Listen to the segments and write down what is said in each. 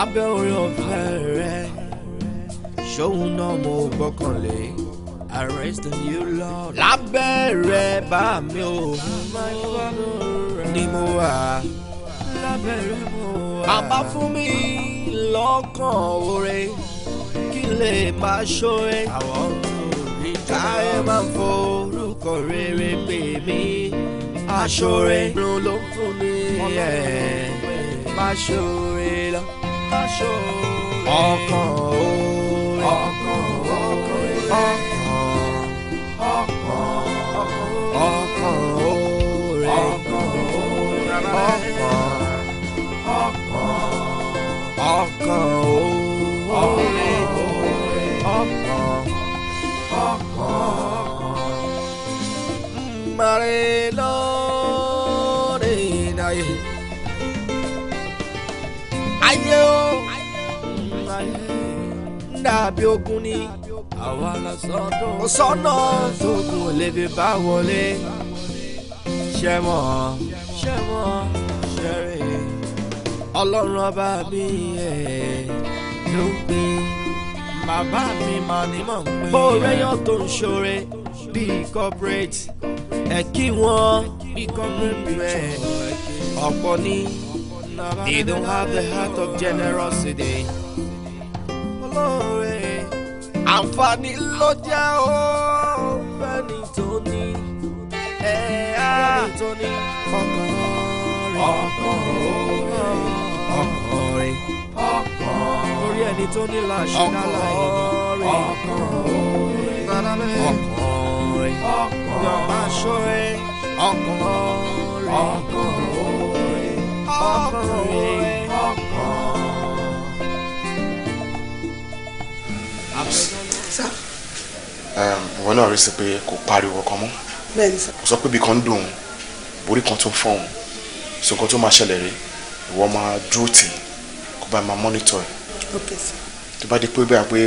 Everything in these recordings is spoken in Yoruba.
abẹ́ orin ọ̀fẹ́ rẹ̀ ṣóun náà mo gbọ́kànlé arrest you lord lábẹ́ rẹ̀ bá mi ò ní mo wà lábẹ́ rẹ̀ mo wà bàbá fún mi lọ́kàn oore kí lè máa ṣóre àwọn káyọ̀ máa ń forúkọ rere pè mí aṣọ ló fún mi máa ṣóre lọ ọkàn o ọkàn o ọkàn ọkàn o rẹ ọkàn ọkàn o rẹ ọkàn ọkàn. Marelo. dàbí ogun ni àwa la sọdún. mo sókun lè fi bá wọlé ṣẹ́mọ̀ ṣẹ́mọ̀ ṣẹ́rẹ̀ ọlọ́run ọba mi ẹ̀ ló gbé. bàbá mi mà ní mọ̀ ń pè. bó rẹ́yàn tó ń ṣoore bíi corporate ẹ̀ kí wọ́n bíi corporate picture ọ̀pọ̀ ní. They don't have the heart of generosity. Hello àǹfààní ló jẹ́ ó fẹ́ni tó ní ẹ̀yà tó ní ọkàn rẹ̀ ọkàn rẹ̀ ọkàn rẹ̀ orí ẹni tó ní làṣẹ láláyé ní ọkàn rẹ̀ ọkàn rẹ̀ yọ̀ọ̀bá ṣọ́rẹ́ ọkàn sá. ìwọ náà rí sí pé kò pariwo kan mọ́. bẹ́ẹ̀ni sá. kò sọ pé ibi kan ń dùn òun kan tó ń fọ́ so nǹkan tó máa ṣẹlẹ̀ rí ìwọ máa dúró tì kó bá máa mọ́nítọ̀ ẹ̀. ok sá. tó bá di pé bẹ́ẹ̀ pé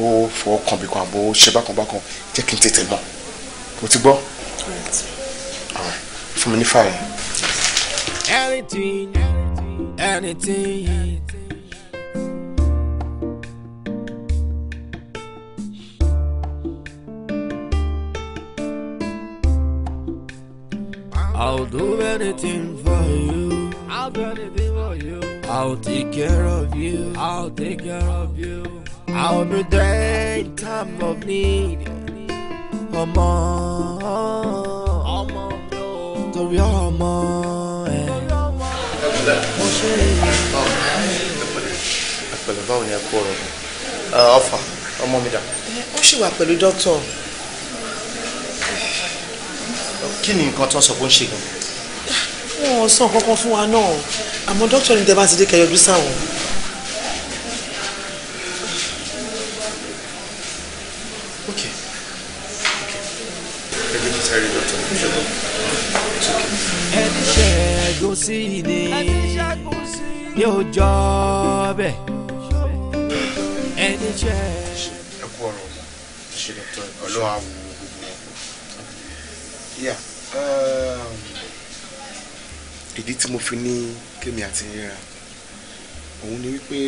ó fọ́ kàn bí kan àbò ṣe bákan bákan jẹ́ kí n tètè mọ̀ o ti gbọ́. fún mi ní fàyè. anything anything. I'll do anything for you. I'll do anything for you. I'll take care of you. I'll take care of you. I'll be there in time of need. Ọmọ, ọmọ mi o. Torí ọmọ ẹ. Mo ṣe èyí. Ẹ pẹ̀lú báwo ni ẹ kú ọ̀rọ̀? Ọfà, uh, ọmọ mi dà. Ó ṣì wà pẹ̀lú dókítà kí ni nǹkan tó ń sọ pé ó ń ṣe gan. wọn ò sọ nǹkan fún wa náà àmọ́ dókítà ní tẹ́lá ti dé kẹyọdú sáwọn. ẹni ṣẹ́gun sí ni yóò jọ bẹ́ẹ̀ ẹni ṣẹ́gun. ẹ kú ọ̀rọ̀ ọmọ ṣe dókítà ọlọ́wà wò ó gbogbo ọkọ. Um, ìdí tí mo fi ní kémi àti ríra òun ni wípé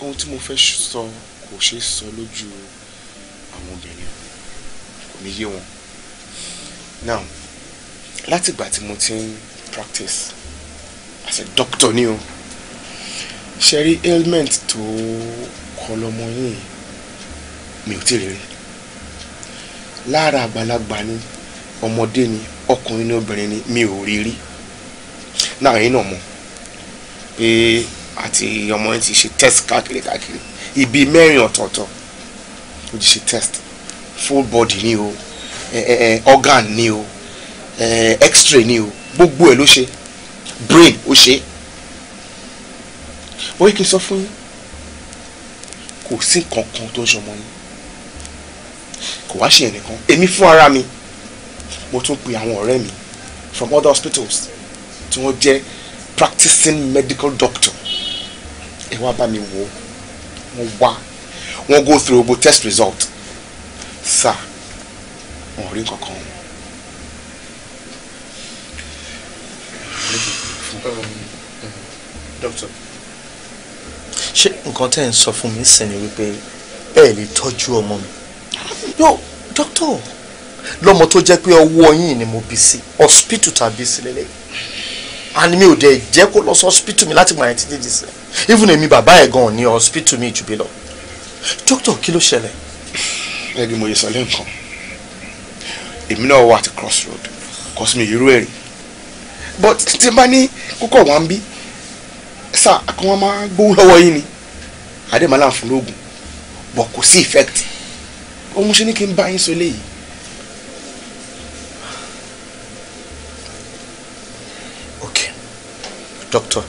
ohun tí mo fẹ́ sọ kò ṣeé sọ lójú àwọn obìnrin kò ní yé wọn now láti ìgbà tí mo ti ń practice as a doctor ni o ṣe rí ailment tó kọ lọmọ yìí mi ò tí ì rí rí lára àgbàlagbà ni ọmọdé ni ọkùnrin ni obìnrin ni mi ò rí rí náà yín náà mọ̀ pé àti ọmọ yẹn ti ṣe test káàkiri káàkiri ibi mẹ́rin ọ̀tọ̀ọ̀tọ̀ ó ti ṣe test full body ni o organ ni o x-ray ni o gbogbo ẹ̀ ló ṣe brain ó ṣe bóyá kí n sọ fún yín kò sí nǹkan kan tó ń ṣọmọ yín kò wá ṣe ẹnìkan èmi fún ara mi mo tún pe àwọn ọ̀rẹ́ mi from other hospitals tí wọ́n jẹ́ practicing medical doctor ẹ wá bá mi wò wọ́n wá wọ́n go through gbogbo test result sir wọn ò rí kankan. doctor ṣé nǹkan tẹ́ ń sọ fún mi sìn ni wípé bẹ́ẹ̀ lè tọ́jú ọmọ mi. yo doctor lọ́mọ tó jẹ́ pé ọwọ́ yín ni mo bí sí hospital tàbí sílẹ̀ àní mi ò dẹ̀ jẹ́ kó lọ sí hospital mi láti gbà yẹn títí di sẹ́ even èmi bàbá ẹ̀ gan-an hospital mi jù bí lọ doctor kí ló ṣẹlẹ̀. ẹ ní mo yẹ sọ lẹ́ǹkan èmi náà wà àti cross road cos mi irú ẹ̀ rí but tí n bá ní kókó wá ń bí sá kí wọ́n máa gbowó lọ́wọ́ yín ni àdèmọ́lá fún lóògùn but kò sí effect ohun ṣe ni kí n bá yín sọ léyìí Doctor.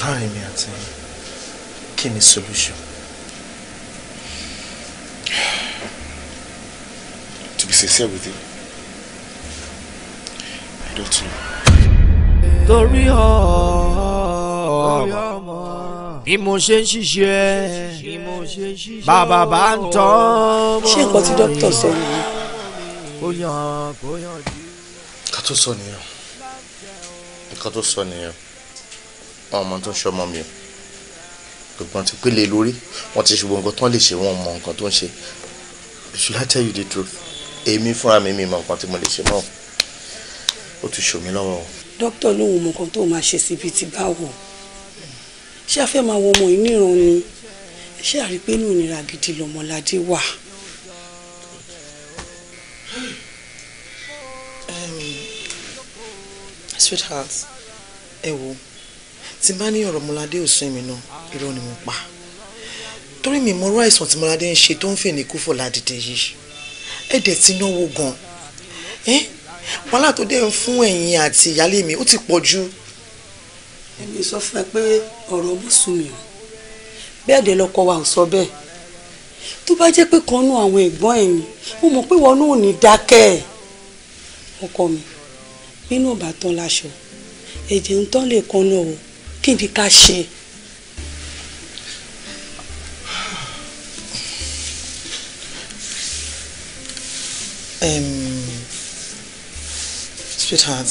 Láàrin mi àti kí ni solution? To be sincere with you, I don't know. Torí ọmọ bí mo ṣe ń ṣiṣẹ́ bàbá bá ń tọ́ mọ́. Ṣé nǹkan tí dókítà sọ nìyí? Kó tó sọ nìyẹn nǹkan tó sọ nìyẹn wọn ọmọ tó ń ṣe ọmọ mi o gbogbo ti pélé lórí wọn ti ṣe gbogbo tán lè ṣe wọn mọ nǹkan tó ń ṣe should I tell you the truth èmi fúnra mi mi mọ nǹkan tí mo lè ṣe mọ ó ti ṣòmí lọ́wọ́ o. dókítà lóhùn mọ nǹkan tó máa ṣe síbi tí báwo ṣé a fẹ́ máa wọ ọmọ yìí níran ni ṣé àrí pé ìnira gidi lọ́mọládé wà. sweetheart ẹ wo tí n bá ní ọ̀rọ̀ mọ́ládé ò sún mi náà irọ́ ni mo pa torí mi mọ̀rọ̀ àìsàn tí mọ́ládé ń ṣe tó ń fè ní kúfọ̀ ládìde yìí ẹ dẹ̀ ti náwó gan ẹ wàhálà tó dẹ̀ ń fún ẹ̀yin àti ìyáálé mi ó ti pọ̀ jù. ẹni sọ fún ẹ pé ọ̀rọ̀ ọmọ sùn mi o bẹ́ẹ̀ dẹ̀ lọkọ wa ò sọ bẹ́ẹ̀ tó bá jẹ́ pé kan nú àwọn ẹ̀gbọ́n ẹ̀yìn mo mọ̀ pé wọn náà ò ní dákẹ́ ọkọ mi nínú ìbátan láṣọ ẹ̀jẹ̀ ń tán lè kan náà o kí ni ká ṣe. sweetheart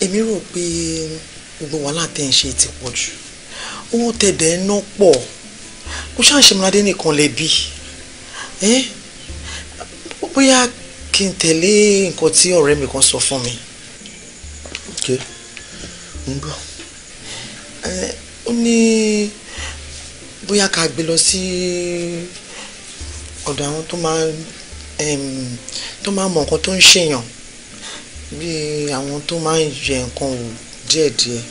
èmi rò pé gbogbo wàhálà tẹ̀ ń ṣe ti pọ̀ jù owó tẹ̀dẹ̀ ń ná pọ̀ kó ṣáà ṣe múnadé nìkan lẹ́bi bóyá kí n tẹ̀lé nǹkan tí ọ̀rẹ́ mi kan sọ fún mi. ok ń gbọ́ ó ní bóyá ká gbé lọ sí ọ̀dọ̀ àwọn tó máa tó máa mọ nǹkan tó ń ṣèyàn bíi àwọn tó máa ń yẹ nǹkan wò díẹ̀díẹ̀.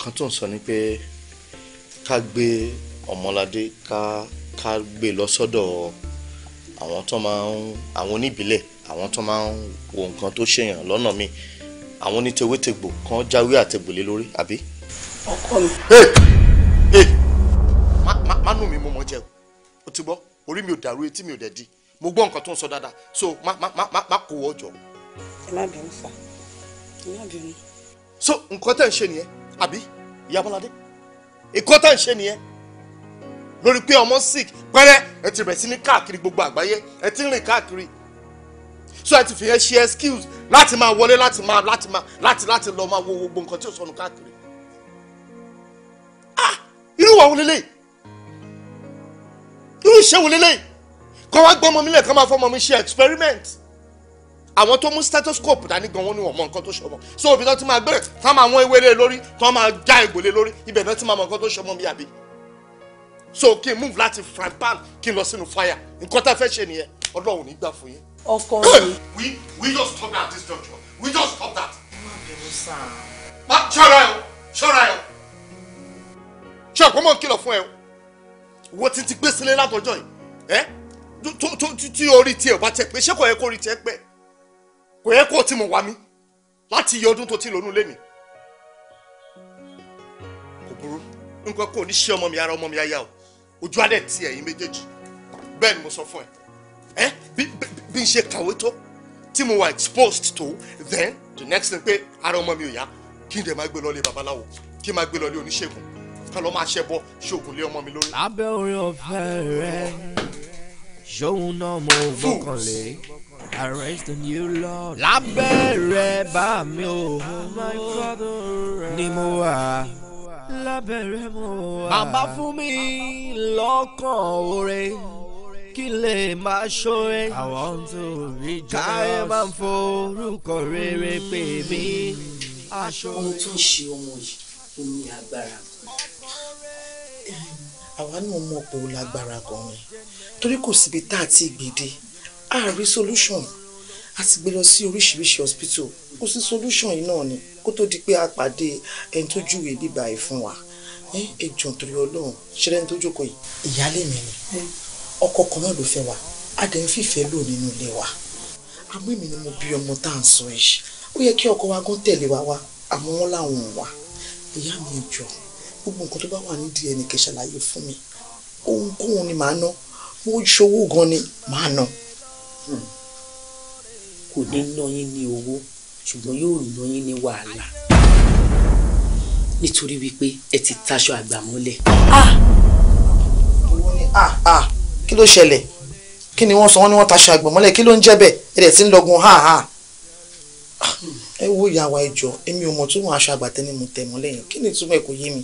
kan tó ń sọ ni pé ká gbé ọmọládé ká ká gbé lọ sọ́dọ̀ àwọn tó máa ń àwọn oníbílẹ̀ àwọn tó máa ń wo nǹkan tó ṣèyàn lọ́nà mi àwọn onítewétegbò kan jáwé àtẹ̀gbòlé lórí àbí. ọkọ mi. má nù mí mo mọ̀ jẹ́ o ti gbọ́ orí mi ò dàrú etí mi ò dẹ̀ di mo gbọ́ nǹkan tó ń sọ dáadáa so ma ma ma ma kó wọ́ jọ. ẹ má bínú sá ẹ má bínú. so nǹkan tẹ̀ ń ṣe nìyẹn àbí ìyá Bọ́ládé nǹkan tẹ̀ ń ṣe nìyẹn lórí pé ọmọ sick pẹ́rẹ́ ẹ ti bẹ̀rẹ̀ sí ní káàkiri gbogbo àgbáyé ẹ ti ń rìn káàkiri so ẹ ti fi yẹn ṣe excuse láti máa wọlé láti máa láti máa láti láti lọ máa wo gbogbo nǹkan tí ò sọnù káàkiri ah irú wa wọlé lẹ́yìn irú ìṣe wọlé lẹ́yìn kọ́ wá gbọ́mọ mi lẹ̀ kọ́ máa fọ́mọ mi ṣe experiment àwọn tó mú stethoscope dání gan wọn ni wọn mọ nǹkan tó ṣọmọ so òbí tó ti máa gbẹrẹ tá máa wọn ewé lé lórí tó máa já egbò lé lórí ibẹ̀ náà ti máa mọ nǹkan tó ṣọmọ bí àbí so kí n move láti frying pan kí n lọ sínú fire nǹkan tá a fẹ́ ṣe nìyẹn ọlọ́run ní gbà fún yín. ọkọ mi. we we just stop that at this junction we just stop that. má bẹ̀rù sáà. má ṣọ́ra ẹ̀ o ṣọ́ra ẹ̀ o ṣé ọ̀pọ̀ mọ̀ ń kìlọ̀ fún ẹ o wọ́n ti ti gbé sílé látọjọ́ yìí ẹ́ tí orí tiẹ̀ ò bá tẹ̀ pé ṣé kò yẹ kó orí tiẹ̀ pẹ́ kò yẹ kó o ti mọ̀ wá mi láti iye ọdún tó ti lónú lémi kò burú nǹkan kò ní ṣe ọmọ mi ara ọmọ mi ayá o ojú adẹ ti ẹ̀yin méjèèjì bẹ́ẹ̀ ni mo sọ fún ẹ bí n ṣe kàwé tó tí mo wà exposed to then the next thing pé ara ọmọ mi ò yá kí n dẹ̀ máa gbé lọ́lé babaláwo kí n máa gbé lọ́lé oníṣègùn ká lọ́ máa ṣẹbọ ṣoògùn lé ọmọ mi lórí. lábẹ́ orin ọ̀fẹ́ rẹ ṣòun náà mo gbọ́kànlé arrest the new lord lábẹ́ rẹ bá mi ò ní mo wà lábẹ́rẹ́ mo wà. bàbá fún mi lọ́kàn oore kí lè máa ṣóre. àwọn tó rí jọ káyé máa ń forúkọ rere pè mí. aṣọ ohun tó ń ṣe ọmọ yìí ó agbára àwa náà mọ̀ pé ó lágbára gan-an torí kò síbi tá a ti gbèdé a rí solution a ti gbé lọ sí oríṣiríṣi hospital kò sí solution yìí náà ni kó tó di pé a pàdé ẹni tó júwe bíbá yìí fún wa ẹ jọ̀ọ́ torí Ọlọ́run ṣẹlẹ̀ ní tó jókòó yìí. ìyáálé mi ni ọkọ kan náà ló fẹ́ wa a dẹ̀ ń fìfẹ́ lò nínú ilé wa àmọ́ èmi ni mo bí ọmọ tá à ń sọ yìí ó yẹ kí ọkọ wa gán tẹ̀lé wa wá àmọ́ wọn làwọn ò wá ìyá mi ẹ gbogbo nǹkan tó bá wà nídìí ẹnì kẹ́ ṣàlàyé fún mi ohunkóhun ni màá ná mo ṣòwò gan ni màá ná. Hmm kò ní ná yín ní owó ṣùgbọ́n yóò ná yín ní wàhálà nítorí wípé ẹ ti taṣọ àgbà mọ́lẹ̀. Ah! Ah, ah! kí ló ṣẹlẹ̀ kí ni wọ́n sọ wọ́n ní wọ́n taṣọ àgbà mọ́lẹ̀ kí ló ń jẹ́ bẹ́ẹ̀ ẹ dẹ̀ ti ń lọ́gun ha ha ẹ wo ìyàwó ẹjọ èmi ò mọ tó wọn aṣọ àgbàtẹ ni mo tẹ mọ lẹ́yìn kí ni túmọ̀ ẹ kò yé mi.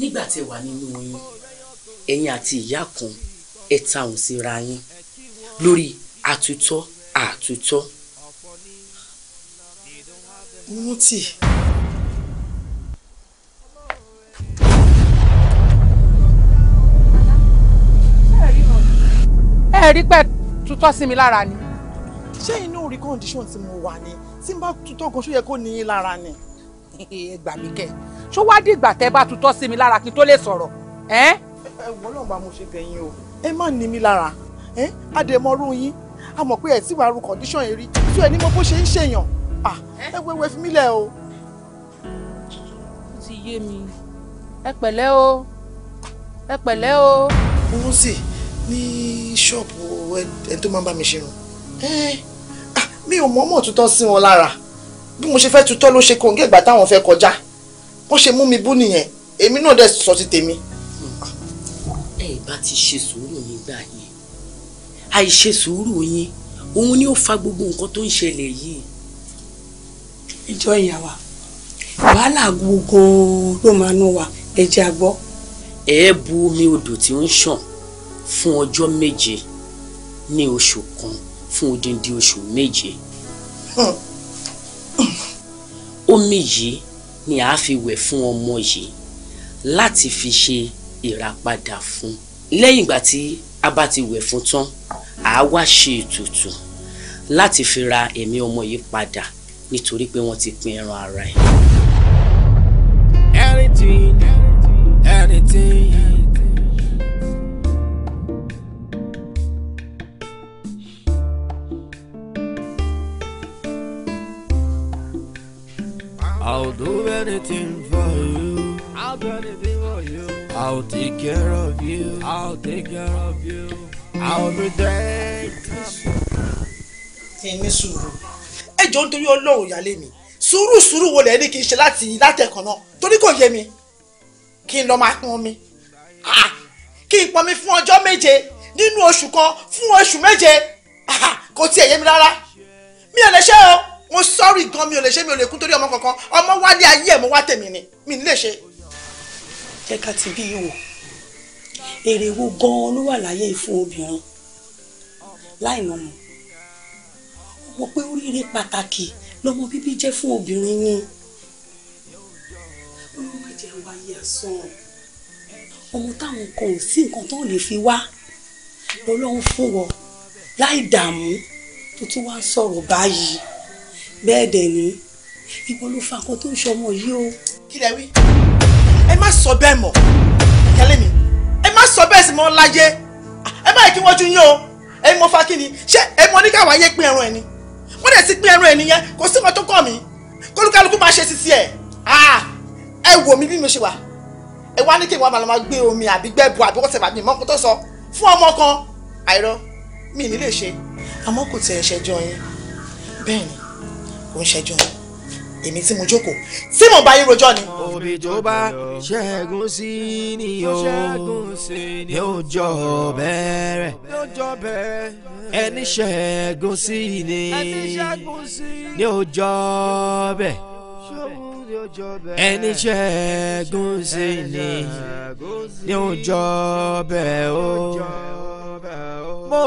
nígbà tí ẹ wà nínú oyún ẹ̀yin àti ìyá kan ẹ ta òun síra yín lórí àtútọ́ àtútọ́ rántí. ẹ rí pẹ́ tutọ́ sí mi lára ni. ṣé inú rí condition tí mo wà ní tí n bá tutọ́ gan ṣó yẹ kó níyín lára ni. ẹ gbà mí kẹ ṣó wá dìgbà tẹ bá tutọ́ sí mi lára kí n tó lè sọ̀rọ̀. ẹ wọ́n lọ́nà bá mo ṣe bẹ̀yìn o ẹ má ní mi lára ẹ àdèmọ́rú yín a mọ̀ pé ẹ̀ sì wá ru condition yìí rí tí ẹ ní mo bó ṣe ń ṣèyàn ah, eh? ẹ wẹ́wẹ́ fi mí lẹ̀ o. ó ti yé mi ẹ pẹ̀lẹ́ o ẹ pẹ̀lẹ́ o. òun sì ní ṣọ́ọ̀bù ẹni tó máa ń bá mi ṣerun eh, ah, mi ò mọ̀ọ́mọ̀ tutọ́ sí wọn lára bí mo ṣe fẹ́ tutọ́ ló ṣe kòǹgẹ́ ìgbà táwọn fẹ́ kọjá wọ́n ṣe mú mi bú nìyẹn èmi náà dẹ̀ sọ ti tèmi. Hmm. Ah, ẹ bá ti ṣe sùúrù nígbà yìí àìṣe sùúrù yín òun ni ó fa gbogbo nǹkan tó ń ṣẹlẹ̀ yìí. ìjọ ìyá wa wàhálà gbogbo ló máa nú wa ẹ jẹ́ a gbọ́. ẹ bu omi odò tí ń ṣàn fún ọjọ́ méje ní oṣù kan fún odindi oṣù méje. omi yìí ni a fi wẹ̀ fún ọmọ yìí láti fi ṣe ìràpadà fún un lẹ́yìn ìgbà tí a bá ti wẹ̀ fún tán a wá ṣe ètùtù láti fi ra ẹ̀mí ọmọ yìí padà nítorí pé wọ́n ti pin ẹran ara ẹ̀. I'll do anything for you. I'll do anything for you. I'll take care of you. I'll take care of you. I'll be there. Kẹ́mi sùúrù. Ẹ jọ nítorí Ọlọ́run ìyáálé mi. Sùúrù sùúrù wo lẹ́ni kì í ṣe láti látẹ̀kàn náà. Torí kò yé mi. Kí n lọ máa pọn mi. Kí n pọn mi fún ọjọ́ méje nínú oṣù kan fún oṣù méje. Kò tiẹ̀ yé mi rárá. Mi ò lè ṣe o. Mo sọ́ọ̀rì gan mi ò lè ṣe mi ò lè kú torí ọmọ kankan. Ọmọ wálé ayé ẹ̀ mo wá tèmi ni. Mi ò lè ṣe. Jẹ́ ká ti bí ìwò èrè wo gan-an ló wà láyé fún obìnrin láìmọ̀ mọ̀ mọ̀ pé oríire pàtàkì lọ́mọ bíbí jẹ́ fún obìnrin ni olùmọ̀ jẹ́ wáyé àsán ọmọ táwọn kan ò sí nǹkan tó lè fi wá lọ́lọ́run fún wọn láì dààmú tó tún wá ń sọ̀rọ̀ báyìí bẹ́ẹ̀ dẹ̀ ni ìwọ ló fa nǹkan tó ń ṣọmọ yìí o. kí lẹ wí ẹ má sọ bẹ́ẹ̀ mọ́ ìyálé mi sọ bẹ́ẹ̀ sì mọ́ láyé ẹ báyìí kí wọ́n ju yín o ẹ̀yin mo fa kí ni ṣé ẹ̀yin mo ní káwọn ayé pín ẹran ẹ̀ ni wọ́n dẹ̀ ti pín ẹran ẹ̀ nìyẹn kò sí nǹkan tó kàn mí kólúkálukú máa ṣe sisi ẹ̀ ah! ẹ wò mí bí mo ṣe wà ẹ wá ní kí wọ́n máa gbé omi àbí gbẹ́bù àbí wọ́n tẹ̀lé àbí mọ́kún tó sọ fún ọmọ kan àìrọ mi ní lè ṣe àmọ́ kò tẹ̀ ẹ̀ ṣẹjọ́ yín bẹ́ẹ̀ ni kò ń ṣẹjọ́ yín èmi tí mo jókòó tí mo bá yín rojọ́ ni. òbí tó bá ṣẹ́gun sí ni o yóò jọ bẹ̀rẹ̀ ẹni ṣẹ́gun sí ni yóò jọ bẹ̀ ẹni ṣẹ́gun sí ni yóò jọ bẹ̀ o bó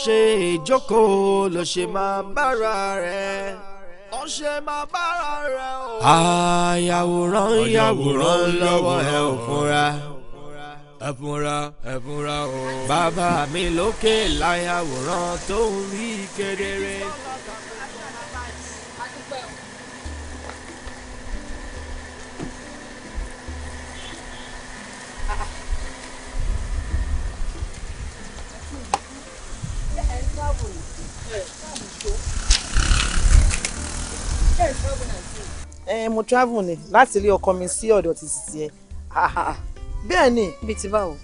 ṣe ìjókòó ló ṣe máa bára rẹ̀ ó ṣe máa bára rẹ o. àyàwòrán yàwòrán lọ́wọ́ ẹ ò fúnra ẹ fúnra ẹ fúnra o. bàbá mi lókè láyàwòrán tó ń rí kedere. ẹ eh, mo travel ni láti ilé ọkọ mi sí ọ̀dọ̀ ti sisi ẹ bẹ́ẹ̀ ni. bíi ti báwo.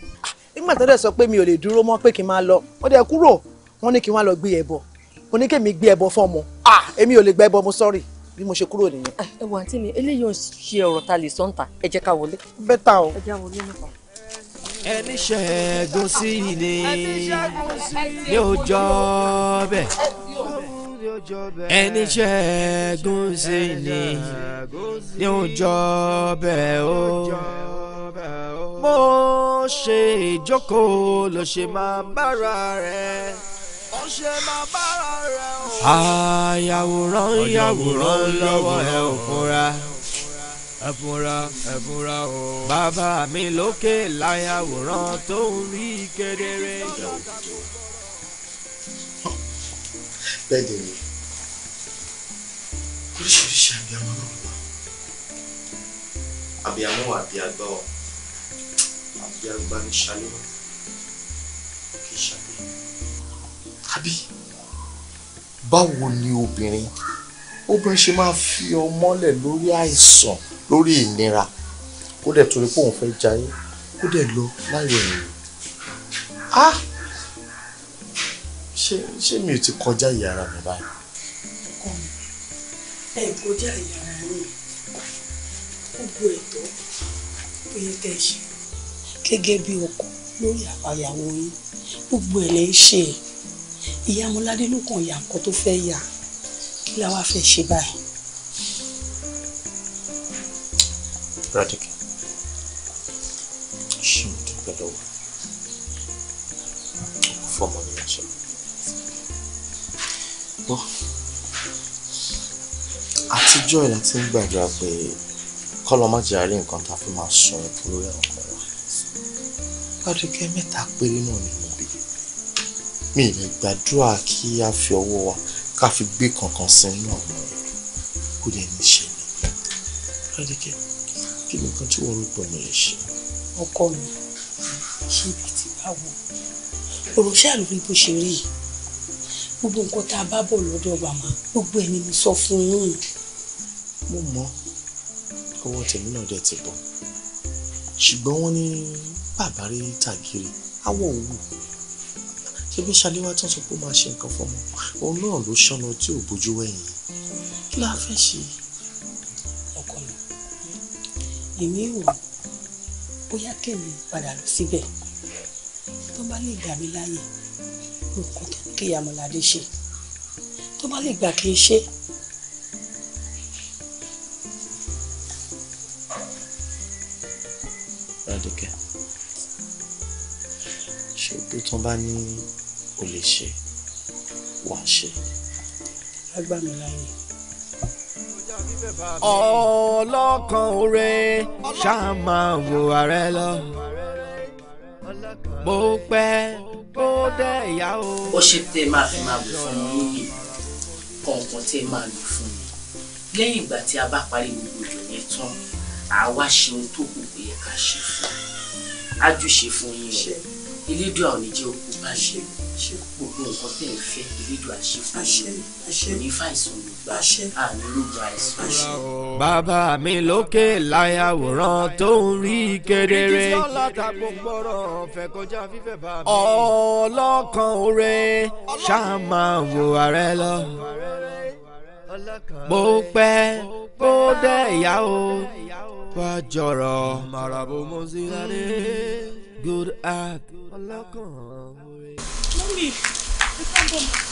nígbà tó dẹ̀ sọ pé mi ò lè dúró mọ́ pé kí n máa lọ ó dẹ̀ kúrò wọ́n ní kí n wá lọ gbé ẹbọ mo ní kémi gbé ẹbọ fọ́mọ èmi ò lè gbé ẹbọ mo sọ́ọ̀rì bí mo ṣe kúrò nìyẹn. Ah, ẹ wọ àǹtí mi eléyìí ò ń ṣe ọ̀rọ̀ ta lè sọ ń ta ẹ jẹ́ ká wọlé. bẹ́tà o. ẹ jẹ́ wọlé nípa. ẹni ṣẹ́gun sí ni yóò jọ bẹ́ẹ̀ ẹni ṣẹ́gun sí ni ní òjò bẹ́ẹ̀ o mo ṣe ìjókòó ló ṣe máa bára rẹ̀ ó o. àyàwòrán yàwòrán lọ́wọ́ ẹ ò fúnra ẹ fúnra ẹ fúnra o. bàbá mi lókè láyàwòrán tó ń rí kedere bẹ́ẹ̀ dẹ̀ ni oríṣiríṣi abiyamọ náà wà abiyamọ wà bí agbá wà àbí agbá ní ṣalẹ́ wà kì í ṣàbí. àbí báwo ni obìnrin obìnrin ṣe máa fi ọmọlẹ̀ lórí àìsàn lórí ìnira kó dẹ̀ torí pé òun fẹ́ jayé kó dẹ̀ lọ láyọ̀ ẹ̀yìn ṣé ṣé mi ò ti kọjá ìyá ara mi báyìí. ọkọ mi ẹ kọjá ìyá ara mi gbogbo ẹ̀tọ́ tó yẹ kẹ́ ẹ ṣe gẹ́gẹ́ bí ọkọ lórí àbáyàwó yín gbogbo ẹ̀ lẹ́ ṣe ìyá ọmọládé ló kàn ya nǹkan tó fẹ́ yà kí la wá fẹ́ ṣe báyìí. Radike ṣì ń dúpẹ́ lọ́wọ́ fọmọ mi gbọ́ àtijọ́ ìlà tí ń gbàdúrà pé kọ́lọ́ má jẹ́ àárín nǹkan tá a fi máa sun ẹkú lórí àwọn ọkọ wa gbàdúrà mẹ́ta péré náà ni mo bí mi ìlẹ̀ gbàdúrà kí a fi ọwọ́ wa ká fi gbé kankan sí inú àwọn ọ̀rọ̀ kó lè ní ṣe mí gbàdúrà kí ni nǹkan tí wọ́n rò pé mo ṣe. ọkọ mi ṣé ibi tí báwo òròṣà lórí bó ṣe rí yìí gbogbo nǹkan tá a bá bọ̀ lọ́dọ̀ màmá gbogbo ẹ̀ ni mo sọ fún yín. mo mọ ọwọ́ tèmi náà dẹ̀ ti bọ̀ ṣùgbọ́n wọ́n ní bàbá rí tàgìrì àwọ̀ òwú ṣebí ṣaléwá tán sọ pé ó máa ṣe nǹkan fọmọ òun náà ló ṣọnà tí ò bójú ẹ̀yìn kí la fẹ́ ṣe. ọkọ mi èmi ò bóyá kèmí padà lọ síbẹ̀ tó bá lè gbà mí láàyè nǹkan tó kí Ìyámọ̀ládé ṣe tó bá lè gbà kí n ṣe. Rádìkẹ́ ṣe bó tán bá ní o lè ṣe wà ṣe. lágbà mi láyè. ọlọ́kan oore ṣáà máa wo ààrẹ lọ bó pẹ́ ó dẹ ìyá o. ó ṣe tẹ máa fi máa lò fún mi lóye kọ̀ọ̀kan tẹ máa lò fún mi lẹ́yìn ìgbà tí a bá parí gbogbo ìjọ yẹn tán àá ṣe ohun tó kù pé ká ṣe fún un ájúṣe fún yín o elédùn àwọn oníjẹ òkú bá ṣe gbogbo nǹkan tẹ̀ ń fẹ́ elédùn àṣẹ fún yín kò ní fàìsàn bàbá mi lókè láyàwòrán tó ń rí kedere ọlọ́kan oore ṣáà máa wo ààrẹ lọ bó pẹ́ bó dẹ̀ yá o wá jọ̀rọ̀ màràbò mọ́sílálé good act ọlọ́kan oore. mọ́mí ẹ ká bọ̀ mọ́.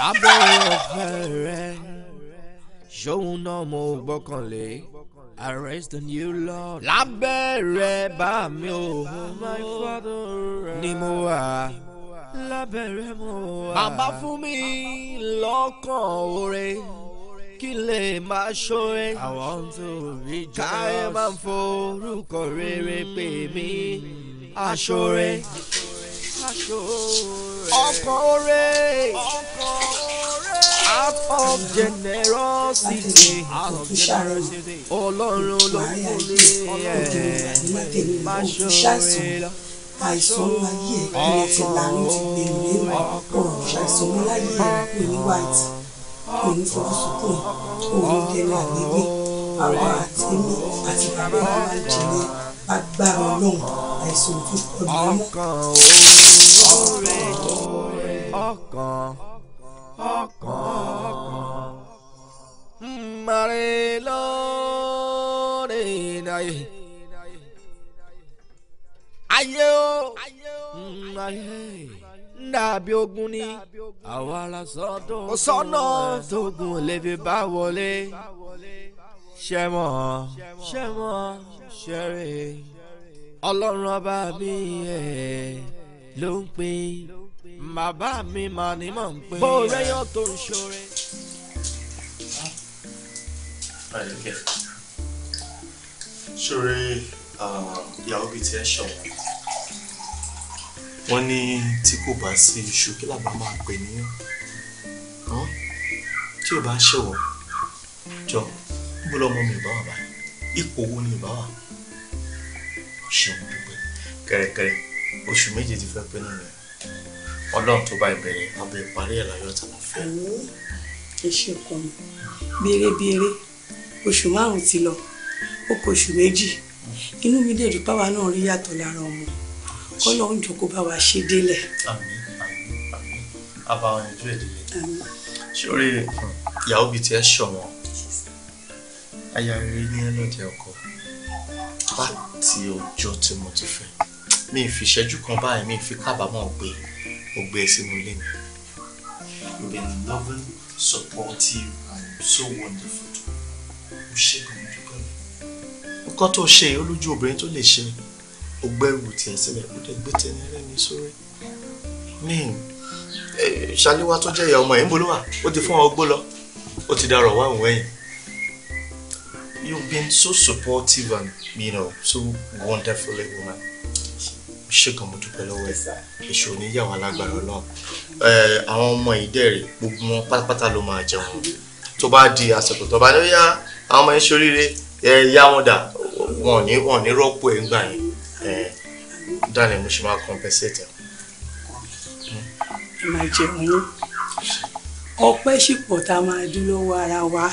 lábẹ́ ọ̀fẹ́ rẹ̀ ṣóun náà mo gbọ́kànlé arrest the new lord lábẹ́ rẹ̀ bá mi ò ní mo wà lábẹ́ rẹ̀ mo wà. bàbá fún mi lọ́kàn oore kí lè máa ṣóre. àwọn tó rí jọ káyọ̀ máa forúkọ rere pè mí aṣọre ọkàn oore out of generosity ọlọ́run ló kún ní ẹ̀ má ṣòro lọ àìsàn ayé ẹ kí ẹ ti lànà ti bèrè rẹ ọ̀rọ̀ àìsàn ọmọláyé ẹ kò ní wáìtì kò ní fọwọ́sọ̀kùn òun jẹ́ ní àlébí àwọn àti èmi àti bàbá wa jẹ́ ní lágbára ọlọ́run àìsàn ojú ọdún mọ́. ọkàn oore ọkàn ọkàn mare lóore náyè ayé o mm, ayé dàbí ogun ni àwa la sọ́dọ̀ sọ́nà tógun lè fi bá wọlé ṣẹ́mọ̀ ṣẹ́mọ̀ ṣẹ́rẹ̀ ọlọ́run ọba mi ẹ̀ ló ń pè bàbá mi mà ní mọ̀ ń pè. bó rẹ́yọ̀ tó ń ṣọrẹ. ṣòro ìyàwó bíi ti ẹ ṣọ̀wọ́n wọ́n ní tí kò bá sí iṣu kí làbá máa pè níyàn tí ò bá ṣọ̀wọ́n jọ níbo lọ́mọ mi ìbá wà báyìí ipò wo ni ìbá wà ṣeun dúpẹ́ kẹ̀rẹ̀kẹ̀rẹ̀ oṣù méje ti fẹ́ pé náà rẹ̀ ọlọ́run tó bá ìbẹ̀rẹ̀ abẹ́ parí ẹ̀ láyọ̀ àtàlàfẹ́. àmín ẹṣin kan béèrèbéèrè oṣù márùn ti lọ ó kó oṣù méjì inú mi lè rí páwa náà rí yàtọ̀ lára ọmọ kọ́lọ́ ń jòkó bá wa ṣe délẹ̀. àmín àmín àmín abàwọn ojú ẹ̀ délẹ̀. àmín. sórí ìyàwó bíi tiẹ̀ ṣọ̀wọ́n aya rere ní ẹlọ́jẹ̀ ọkọ láti ọjọ́ tí mo ti fẹ́ mi fi ìṣẹ́jú kan báyìí mi fi kábàámọ̀ gbé ẹ e sínú ilé mi. you been loving supportive and so wonderful o ṣe kàn mí dúpẹ́ mi. nǹkan tó ṣe yìí olójú obìnrin tó lè ṣe o gbẹ́rù tiẹ̀ sílẹ̀ kó dẹ̀ gbé tẹ̀lé rẹ̀ mi sórí. mi eh, ṣàlíwá tó jẹ́ ìyá ọmọ yìí ń bolówà ó ti fún ọ lọ ó ti darọ̀ wá òun ẹ̀yìn. You've been so supportive and, you know, so wonderfully woman. ṣèkàn mo dúpẹ́ lọ́wọ́ ẹ̀ èṣù ní yàwó alágbára ọlọ́run eh, àwọn ọmọ ìdẹ́rẹ̀ gbogbo wọn pátápátá ló máa jẹun tó bá di àsìkò tó bá ní ó yá àwọn ọmọ iṣẹ́ oríire ìyá wọn dà wọn ò ní wọn ò ní rọ́pò ẹ̀ ń gbà yẹn eh, dáná mo ṣe máa compensate. ẹ máa jẹun yín ọpẹ́ ṣì pọ̀ tá a máa dúró lọ́wọ́ ara wa.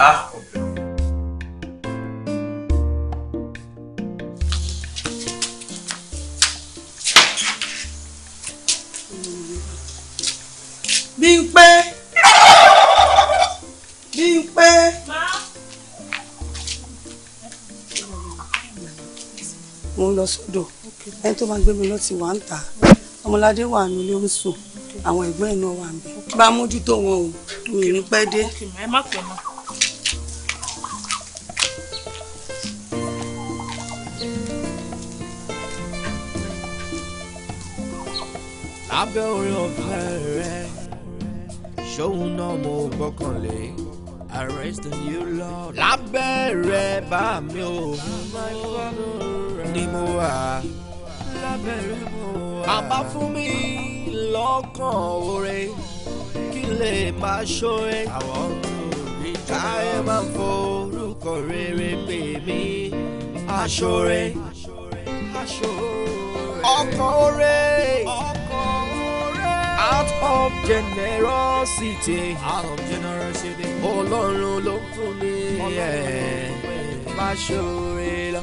Ah, Bímpé. Bímpé. Mo ń lọ sọ́dọ̀ ẹni tó máa gbé mi lọ ti wà ń ta ọmọládé wà ní ilé oṣù àwọn ẹ̀gbọ́n ẹ̀ náà ń bẹ bá mójútó wọn o mi ní pẹ́ dé. lábẹ́ orin ọ̀fẹ́ rẹ̀ ṣóun náà mo gbọ́kànlé arrest you lord lábẹ́ rẹ̀ bá mi ò ní mo wà lábẹ́rẹ́ mọ́ wa. bàbá fún mi lọ́kàn oore kí lè máa ṣóre. àwọn káyọ̀ máa forúkọ rere pè mí aṣóre. ọkàn oore. Out of generosity. Out of generosity. Ọlọ́run ló fún mi ẹ̀ máa ṣóre lọ.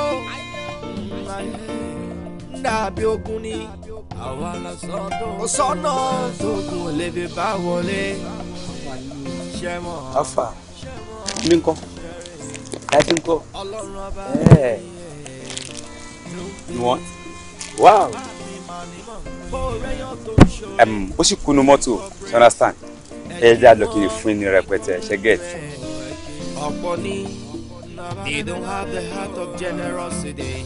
dàbí ogun ni àwa la sọdún sọnà sókun lè bá wọlé afa mi nkọ láti nkọ wọn wow ó sì kunu mọ́tò you understand ẹ dá lọ kiri fún ẹni rẹpẹtẹ ṣe get. ọ̀pọ̀ ni they don't have the heart of generosity.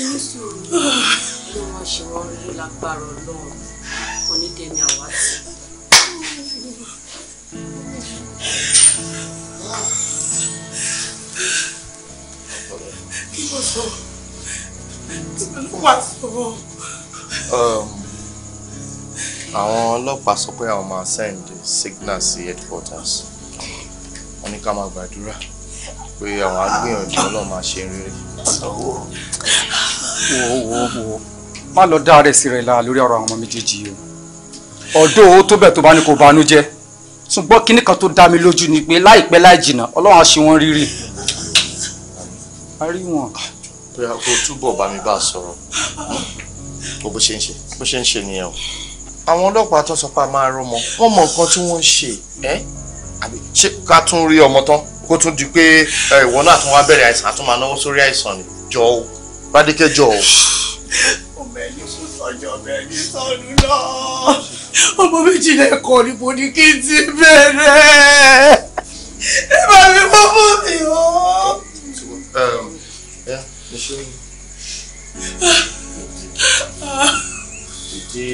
ní sùúrù ló máa ṣe wọ́n rí lágbára ọlọ́run onídẹni àwátì. kí wọ́n sọ tí wọ́n wà sọ́wọ́. Um, àwọn ọlọ́pàá sọ pé àwọn máa send signal sí headquarters wọ́n ní ká máa gbàdúrà pé àwọn á ọlọ́run máa ṣe rere wo wo wo má lọ dá rẹ̀ sí rẹ̀ la lórí ọ̀rọ̀ àwọn ọmọ méjèèjì o ọ̀dọ́ owó tó bẹ̀ tó bá ní kò banú jẹ́ ṣùgbọ́n kinní kan tó dá mi lójú ni pé láìpẹ́ láì jìnnà ọlọ́run á ṣe wọ́n rírì a rí wọn. bóyá kó túbọ̀ bá mi bá a sọ̀rọ̀ kó bó ṣe ń ṣe bó ṣe ń ṣe nìyẹn o àwọn ọlọ́pàá tó sọ pé a máa rọmọ wọ́n mọ nǹkan tí wọ́n ń ṣe ẹ́ àbí ṣé ká tún rí ọmọ tán kó tún di pé ìwọ náà tún wá bẹ̀rẹ̀ àìsàn àtúnmánáwó sórí àìsàn ni jọ o. Bádékẹ́ jọ o. ọmọ ẹni kò sọjọ ọmọ ẹni sọnù náà ọmọ méjì lẹ́kọ̀ọ́ ni mo ní kí n ti bẹ̀rẹ̀ ẹ bá mi mọ́ fún mi o. Dìde.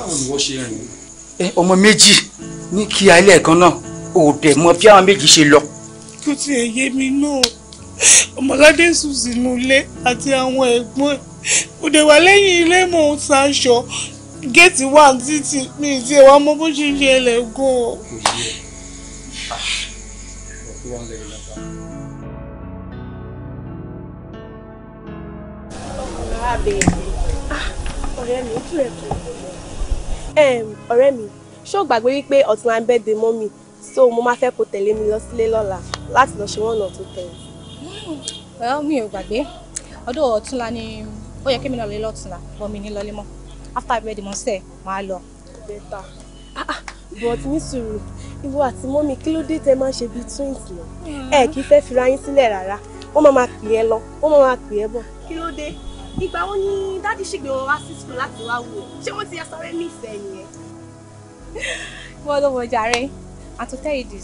báwo ni wọ́n ṣe rìn. ẹ ọmọ méjì ní kí alẹ́ kan náà ò dẹ̀ mọ bí àwọn méjì ṣe lọ. kò tiẹ̀ yé mi náà ọmọládé sùn sínú ilé àti àwọn ẹ̀gbọ́n ẹ̀ òde wà lẹ́yìn ilé mò ń ṣaṣọ géètì wà títì mi ìdí ẹ̀ wá mọ bó ṣe ń ṣe ẹlẹ̀ gan-an. Ah, ọ̀rẹ́ mi kí lè tó ọ̀rẹ́ mi ṣé o gbàgbé wípé ọ̀tún láńbẹ́ de mọ́ mi so mo máa fẹ́ kó tẹ̀lé mi lọ sílé lọ́la láti lọ ṣe wọ́n ọ̀nà tó tẹ̀lé. well mi ò gbàgbé ọdún ọ̀túnla ni ó yẹ kí mi náà lè lọ́túnla bọ́ mi ní lọ́lé mọ́ after i ready mo sẹ́ máa lọ. bẹ́ẹ̀ta ah, ah, but ní sùúrù ìwọ àti mọ́mi kí ló dé tẹ máa ṣe bíi twins náà mm. ẹ kì í fẹ́ fira yín sílẹ̀ rárá wọ́n máa máa pè é lọ wọ́n máa máa pè é bọ̀ kí ló dé ìgbà wo ni dáàdì ṣègbè wá sí school láti wá wò ṣé wọ́n ti yà sọ̀rọ̀ ní ìfẹ́ nìyẹn. wọ́n ló wọ jàre àti tell you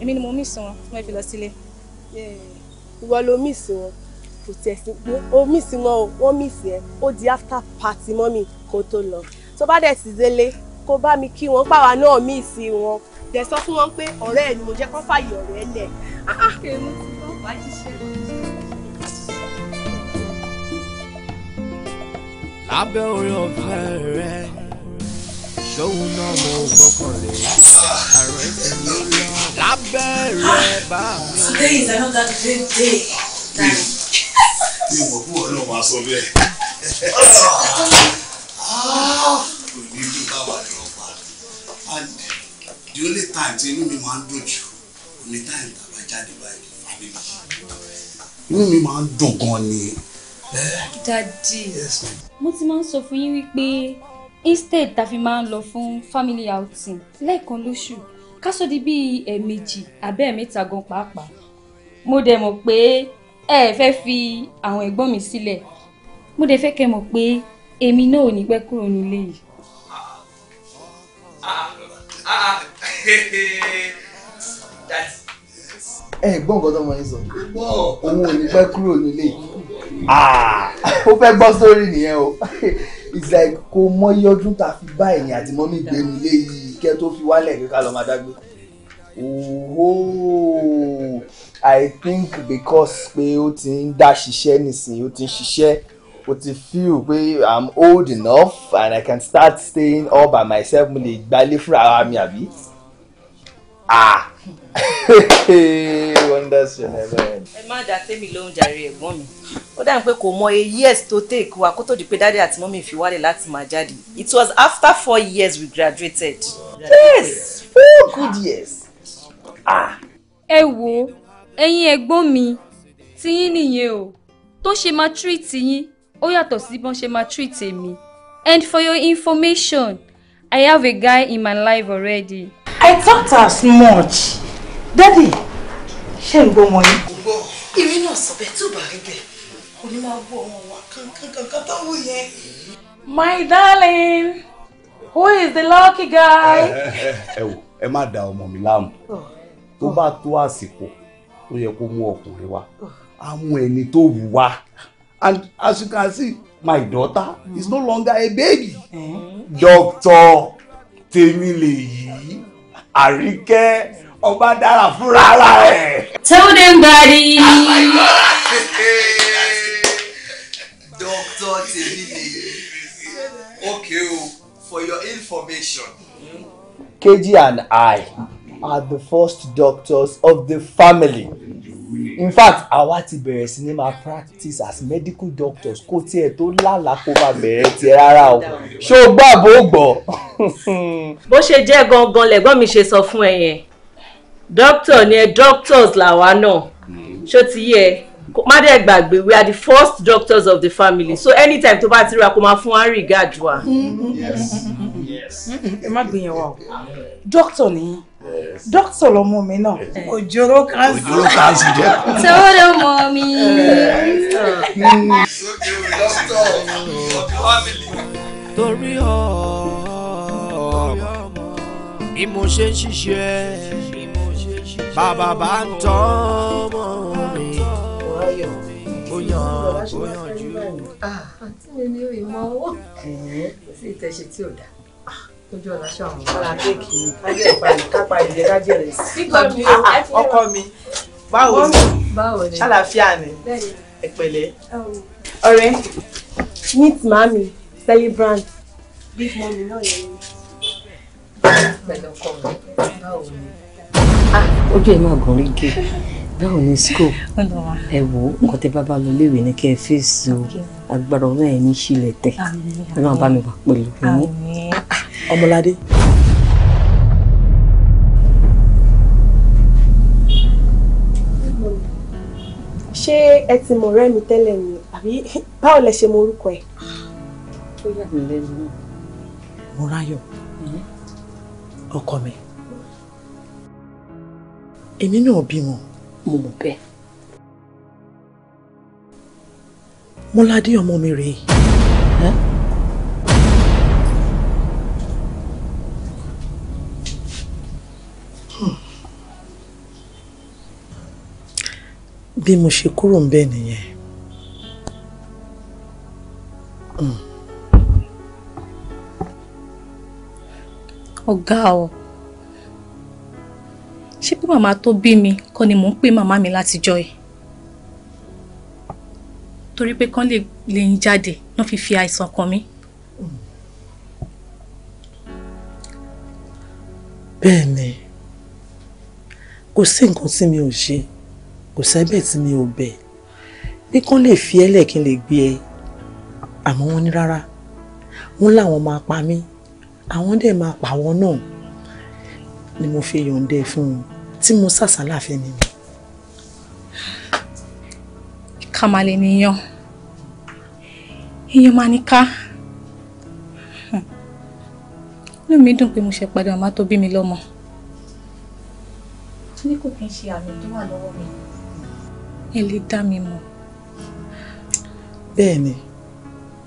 èmi ni mo mí sí wọn tí wọ́n fi lọ sílé. ìwọ ló mí sí wọn kò tiẹ̀ sí pé mí sí wọn o wọ́n mí sí ẹ ó di after party mọ́mì kó tó lọ tó bá dẹ̀ sì délé kó bá mi kí wọn pàwa náà mí sí wọn dẹ̀ sọ fún wọn pé ọ̀rẹ́ ẹ̀ ni mo jẹ́ kó fàyè ọ̀rẹ́ lẹ̀. èmi ah, ah. ti bọ́ wá jíṣẹ́ lọ. lábẹ́ orin ọ̀fẹ́ rẹ̀ ṣòun náà mo gbọ́kànlé ààrẹ ti ní lọ lábẹ́ rẹ̀ bá mi. Today is another great day. mi ò mọ̀ fún ọ̀rẹ́ ọ̀ma sọ bẹ́ẹ̀. òní ló bá wà ní ọgbà and the only time tí inú mi máa ń dùn jù òní time tàbá jáde báyìí fàmílì inú mi máa ń dùn gan ni. Daddy. Yes, ma'am mo ti máa ń sọ fún yín wípé instead ta fi máa ń lọ fún family outing lẹ́ẹ̀kan lóṣù ká sọ di bíi ẹ̀ẹ̀mejì àbẹ́ ẹ̀ẹ̀mẹ́ta gan pàápàá mo dẹ̀ mọ̀ pé ẹ fẹ́ fi àwọn ẹ̀gbọ́n mi sílẹ̀ mo dẹ̀ fẹ́ kẹ́ mọ̀ pé èmi náà ò ní pẹ́ kúrò nílé yìí. ẹ gbọ́ nǹkan tó mọ̀ yín sọ òun ò ní pẹ́ kúrò nílé yìí. Ah, ó fẹ́ gbọ́ sórí nìyẹn o it's like kò mọyì ọdún tá a fi bá ẹ̀yìn àti mọ́mí gbé mi léyìí kẹ́ tó fi wálẹ̀ kíkà lọ́ọ́ máa ooo i think because pé ó ti ń dá ṣiṣẹ́ nísìnyí ó ti ń ṣiṣẹ́ ó ti feel pé i'm old enough and i can start staying all by myself mo lè gbalé fúnra mi àbí. ah ẹ má dá tèmi lóhùn jàre ẹ̀gbọ́n mi ó dáhùn pé kò mọ iye years tó take wa kó tó di pé dáadé àti mọ́mí fi wálé láti it was after four years we graduated. yes four oh, good years. Ah. ẹ wo ẹ̀yin ẹ̀gbọ́n mi tiyín nìyẹn o tó ṣe máa treat yín ó yàtọ̀ sí bọ́n ṣe máa treat èmi and for your information I have a guy in my life already. I talked as much. Daddy, she ń gbọ́ wọn yìí. gbọ́ ìrìn náà sọ bẹ́ẹ̀ tí ò my darling who is the lucky guy. Eh, eh, eh, ẹ wò ẹ má da ọmọ mi láàmú oh. tó bá tó àsìkò tó yẹ kó mú ọkùnrin wa á mú ẹni tó wù and as you can see my daughter mm is no longer a baby. Mm doctor tèmi lèyí àríkẹ́ ọba dára fúnra ara rẹ. tell them daddy. doctor tèmíye okay o oh, for your information. KG and I are the first doctors of the family. In fact, àwa ti bẹ̀rẹ̀ sí ní máa practice as medical doctors kó tiẹ̀ tó lálàá kó máa bẹ̀rẹ̀ tiẹ̀ rárá o. Ṣé o gbọ́ àbò gbọ́? Bó ṣe jẹ́ gangan lẹ̀gbọ́n mi ṣe sọ fún ẹ yẹn doctor ni ẹ doctors làwa náà ṣó ti yẹ má dẹ̀ gbàgbé we are the first doctors of the family so anytime tó bá ti ra kó máa fún wa regard wa. ẹ má gbìyànjú wa doctor nìyí doctor lọmọ mi náà òjòrò kanṣu òjòrò kanṣu jẹ. sọ́wọ́dọ̀ mọ́ mi. torí ọmọ bí mo ṣe ń ṣiṣẹ́ bàbá bá ń tọ́ ọmọ mi ó yàn ó yàn jù. Ah. àǹtí mi ni rí mọ́ owó sí ìtẹ̀sí tí ò dá ah. ojú ọ̀la ṣe àwọn ọ̀la kéèkì kájẹ́ ìpàdé kápá ìdè kájẹ́ rẹ̀ sí. ọkọ mi báwo ni ṣàlàfíà ni ẹ pẹ̀lẹ́. ọ̀rẹ́ meet mami celebrant big mummy náà yẹn. pẹ̀lú ọkọ mi báwo ni. Ah, ojú ẹ̀ máa gùn régé báwo ni school ẹ wo nǹkan tẹ bá bá lọ léèwé ní kẹ fèsì o agbára ọ̀rọ̀ ẹ̀ ní sílẹ̀ tẹ̀ ẹ máa bá mi wà pẹ̀lú ẹ̀mí. Ah, ọmọládé. ṣé ẹ ti mọ̀ ọ̀rẹ́ mi tẹ́lẹ̀ ni àbí báwo lẹ ṣe mọ orúkọ ẹ̀. ó yà mm-hmm. ọkọ mi èmi náà bímọ. mo mọ̀ bẹ́ẹ̀. mọ́ládé ọmọ mi rèé. bí mo ṣe kúrò ń bẹ̀ nìyẹn. ọ̀gá o. Mm ṣé bí màmá tó bí mi kọ́ ni mò ń pè màmá mi látijọ́ yìí torí pé kán lè lè ń jáde náà fi fi àìsàn kàn mí. bẹ́ẹ̀ ni kò sí nǹkan tí mi ò ṣe kò sẹ́bẹ̀ tí mi ò bẹ̀ pé kán lè fi ẹ́ lẹ̀ lè gbé ẹ àmọ́ wọ́n ní rárá wọ́n láwọn máa pa mí àwọn dẹ̀ máa pa àwọn náà ni mo fi yọ̀ǹde fún un tí mo sàsálà fẹ́ mi mi. kàmàlẹ̀ nìyàn èèyàn máa ní ká inú mi dùn pé mo ṣe padà má tó bí mi lọ́mọ. ní kò kí n ṣe àmì tó wà lọ́wọ́ mi. ẹ lè dá mi mọ̀. bẹ́ẹ̀ ni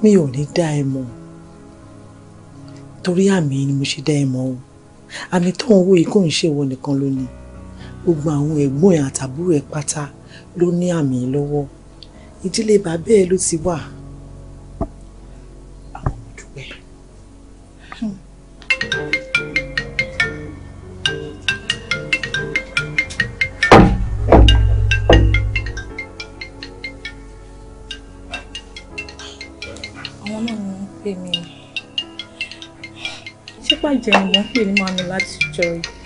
mi ò ní dá ẹ mọ̀ torí àmì ni mo ṣe dá ẹ mọ̀ o àmì tó ń wò yìí kò ń ṣèwọ nìkan lónìí gbogbo àwọn ẹ̀gbọ́n ẹ̀ àtàbúrò ẹ̀ pátá ló ní àmì lọ́wọ́ ìdílé bàbá ẹ̀ ló ti wà àwọn òdùgbẹ́. àwọn náà ni wọ́n pè mí ṣípàjẹ́ ni wọ́n pè ní màmí láti jọ yìí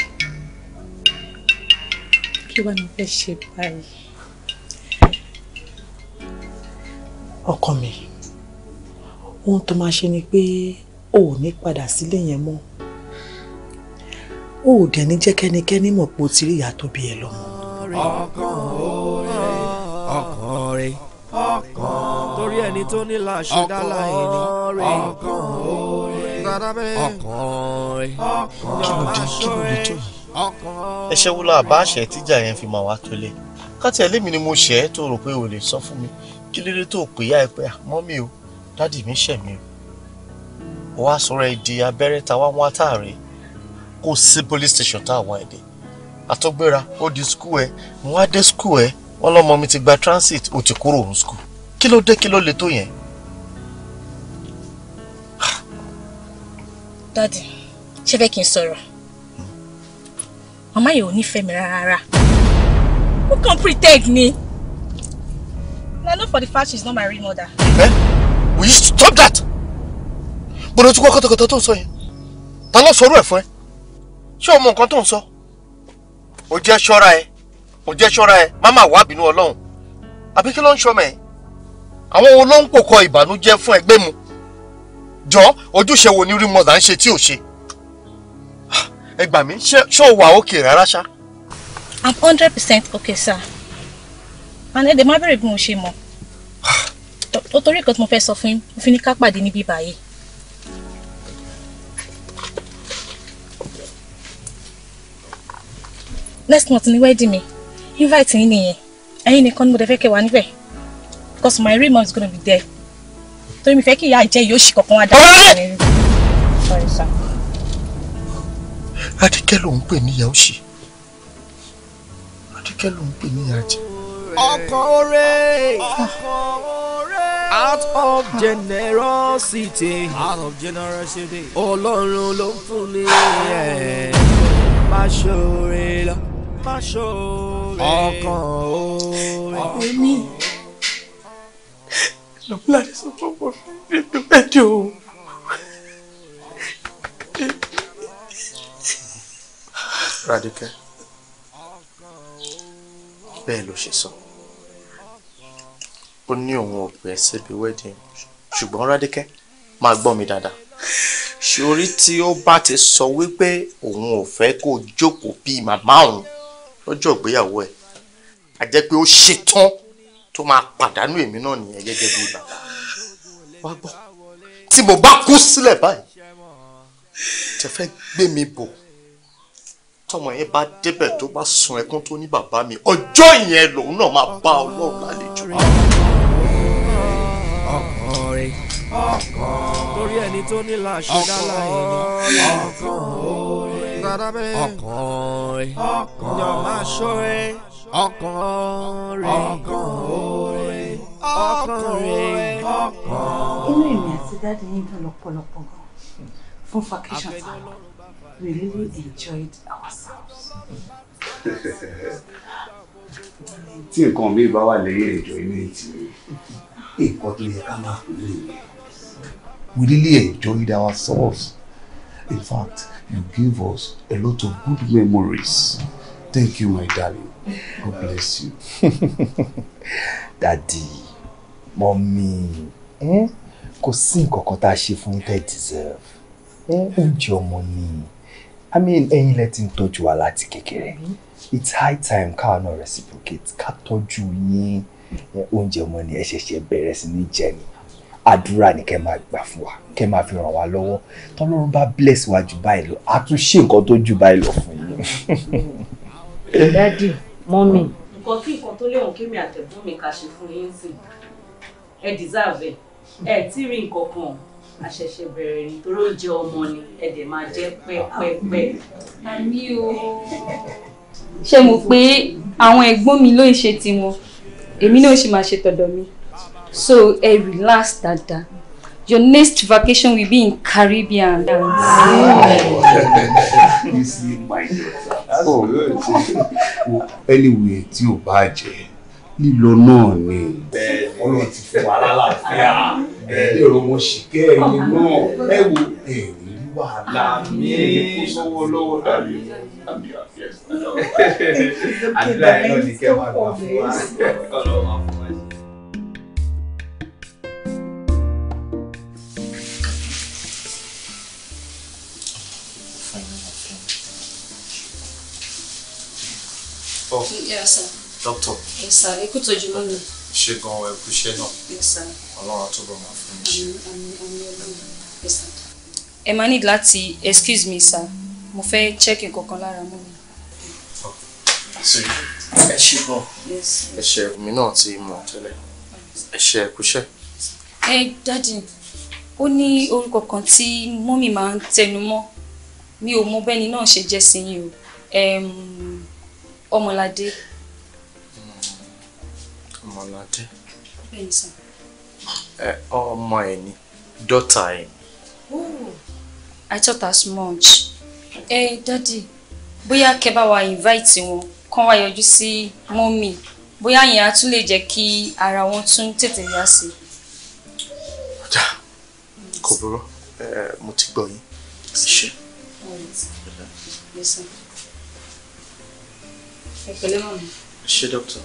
kí wàá ní fẹ́ ṣe báyìí. ọkọ mi ohun tó máa ṣe ni pé o ò ní padà sílé yẹn mọ́ o ò dẹ̀ ní jẹ́ kẹ́nikẹ́ni mọ̀ pé o ti rí ìyá tó bí ẹ lọ́mọ. ọkàn oore ọkàn oore ọkàn torí ẹni tó ní láṣọ dálá ẹni ọkàn oore ọkàn oore ọkàn oore kí ló dé kí ló dé tó yìí ẹ̀ṣẹ̀ wo la bá tíjà yẹn fi máa wá tó lé káti ẹlẹ́mi ni mo ṣẹ̀ ẹ́ tó rò pé o lè sọ fún mi kí lóde tó pè ya ẹ pé àmọ́ mi o dádì mi ṣẹ̀ mi o wàá sọ̀rọ̀ ẹ̀ abẹ́rẹ́ ta wá wá táàrí kó sí police station tá àwọn ẹ̀dẹ̀ àtọ́gbéra ó di skul ẹ̀ mo wá dé skul ẹ̀ wọ́n lọ́mọ mi ti gba transit ó ti kúrò òun skul kí ló dé kí ló le tó yẹn. dádì ṣé fẹ́ kí n sọ̀rọ̀ màmá yẹn ò nífẹ̀ẹ́ mi rárá who can pretend me? na know for the fact she is not my real mother. ẹ eh? will you stop that gbọdọ tí wọn kọtọkọtọ tó ń sọ yẹn ta ló sọ ọ̀rọ̀ ẹ fún ẹ ṣé o mọ nǹkan tó ń sọ o jẹ ṣọ́ra ẹ o jẹ ṣọ́ra ẹ má má wá bínú Ọlọ́run àbí kí ló ń ṣọmọ ẹ àwọn wo ló ń pòkọ ìbànújẹ́ fún ẹgbẹ́ mu jọ ojúṣe wo ni rí mọdà ń ṣe tí ò ṣe ẹ gbà mí ṣé wà òkè rárá ṣá. i'm hundred percent okay sir and ẹ dẹ̀ má bẹ̀rẹ̀ bí mo ṣe mọ̀ ó torí nǹkan tí mo fẹ́ sọ fún yín mo fi ní ká pàdé níbí báyìí. next month ni wedding mi invite yín nìyẹn ẹ̀yin nìkan ni mo dẹ̀ fẹ́ kẹ́ wà because my real mom is gonna be there torí mi fẹ́ kí ìyá ìjẹ́ yóò ṣì kankan wá dáadáa. sorry sir adíkẹ́ lòún pè níyà òṣì adíkẹ́ lòún pè níyà jẹ. ọkọ oore out of generosity out of generosity ọlọ́run ló ń fún ni ẹ̀ má ṣoore lọ má ṣoore ọkọ oore. ọ̀rẹ́ mi lọ́kùnrin àti sọ́kọ́ pọ̀ fún mi ẹ̀dùn ẹ̀dùn. Radike bẹ́ẹ̀ ló ṣe sọ ó ní òun ò pẹ́ síbi wedding ṣùgbọ́n Radike máa gbọ́ mi dáadáa ṣorí tí ó bá ti sọ wípé òun ò fẹ́ kó jókòó bíi màmá òun lọ́jọ́ ìgbéyàwó ẹ̀ a jẹ́ pé ó ṣetán tó máa pàdánù èmi náà nìyẹn gẹ́gẹ́ bíi bàbá wá gbọ́ tí mo bá kú sílẹ̀ báyìí tẹ fẹ́ gbé mi bò tọmọ yẹn bá débẹ̀ tó bá sun ẹkún tó ní bàbá mi ọjọ́ ìyẹn lòun náà máa bá ọlọ́run lálejò. ọkàn rẹ torí ẹni tó ní láṣẹ dára ẹni ọkàn rẹ ọkàn rẹ yàn máa ṣọ́ rẹ ọkàn rẹ ọkàn rẹ ọkàn. inú èmi àti dáàdi yìí dùn lọ́pọ̀lọpọ̀ gan fún vacation time we really enjoyed ourselves. tí nǹkan mi bá wà lẹ́yìn enjoyment mi nǹkan tó yẹ ká máa pè é we really enjoyed ourselves. In fact, you gave us a lot of good memories. Thank you, my darling. God bless you. Daddy, mommy, eh? kò sí nǹkan kan tá a ṣe fún tẹ́ deserve. Eh? Oúnjẹ ọmọ ni. Eh? I mean ẹ̀yin lẹ ti ń tọ́jú wa láti kékeré mm-hmm. it's high time káwa náà reciprocate ká tọ́jú yín oúnjẹ mọ́ ni ẹ bẹ̀rẹ̀ sí ní jẹ ni àdúrà ni kẹ́ máa gbà fún wa kẹ́ máa fi ràn wá lọ́wọ́ tọ́lọ́run bá bless wa jù báyìí lọ a tún ṣe nǹkan tó jù báyìí lọ fún yín. dádì mọ́mì. nǹkan kí nǹkan tó léwu kí mi àtẹ̀gbọ́n mi ká ṣe fún yín sí ẹ deserve ẹ tí rí nǹkan kan àṣẹ̀ṣẹ̀ bẹ̀rẹ̀ ni torí oúnjẹ ọmọ ni ẹ̀dẹ̀ máa jẹ́ pẹ́pẹ́pẹ́. àmì o. ṣé mo pé àwọn ẹ̀gbọ́n mi ló ń ṣe tiwọn èmi náà ṣì máa ṣe tọ̀dọ̀ mi so ẹ relax dáadáa your next vacation will be in Caribbean. oh, anyway tí o bá jẹ lílọ náà ni. bẹ́ẹ̀ ti fún wa lálàáfíà ẹ rò ṣìkẹ́ ẹ̀yin náà ẹ wo ẹ̀rù wàhálà mi kó sọ́wọ́ lọ́wọ́ dàbí àdúrà ẹ̀ náà ní kẹ́ wàá gbà fún wa Oh. Yes, sir. Doctor. Yes, sir. Ẹ kú tọ́jú mọ́ mi. Ṣé gan-an ẹ kú iṣẹ́ náà? Yes, sir ọlọ́run àtúbọ̀ máa fún mi ṣe. ẹ máa need láti excuse me sir mo fẹ́ check in kan lára mú mi. ẹ ṣe bọ ẹ ṣe mi náà ti mọ̀ tẹ́lẹ̀ ẹ ṣe ẹ kúṣẹ́. ẹ dáàdì ó ní orúkọ kan tí mọ́mì máa ń tẹnu mọ́ mi ò mọ bẹ́ni náà ṣe jẹ́ sí yín o ọmọládé. ọmọládé. bẹ́ẹ̀ ni sàn. Eh, ọmọ ẹ̀ ni daughter ẹ̀ ni. I thought as much. ẹ hey, dádì bóyá kẹ́ wa invite wọn kán wá yọjú sí mọ́mì bóyá yẹn á tún lè jẹ́ kí ara wọn tún tètè yá sí i. ọjà kò burú eh, mo ti gbọ́ yín. ṣe ẹ pẹ̀lẹ́ mọ mi. ṣe dókítà.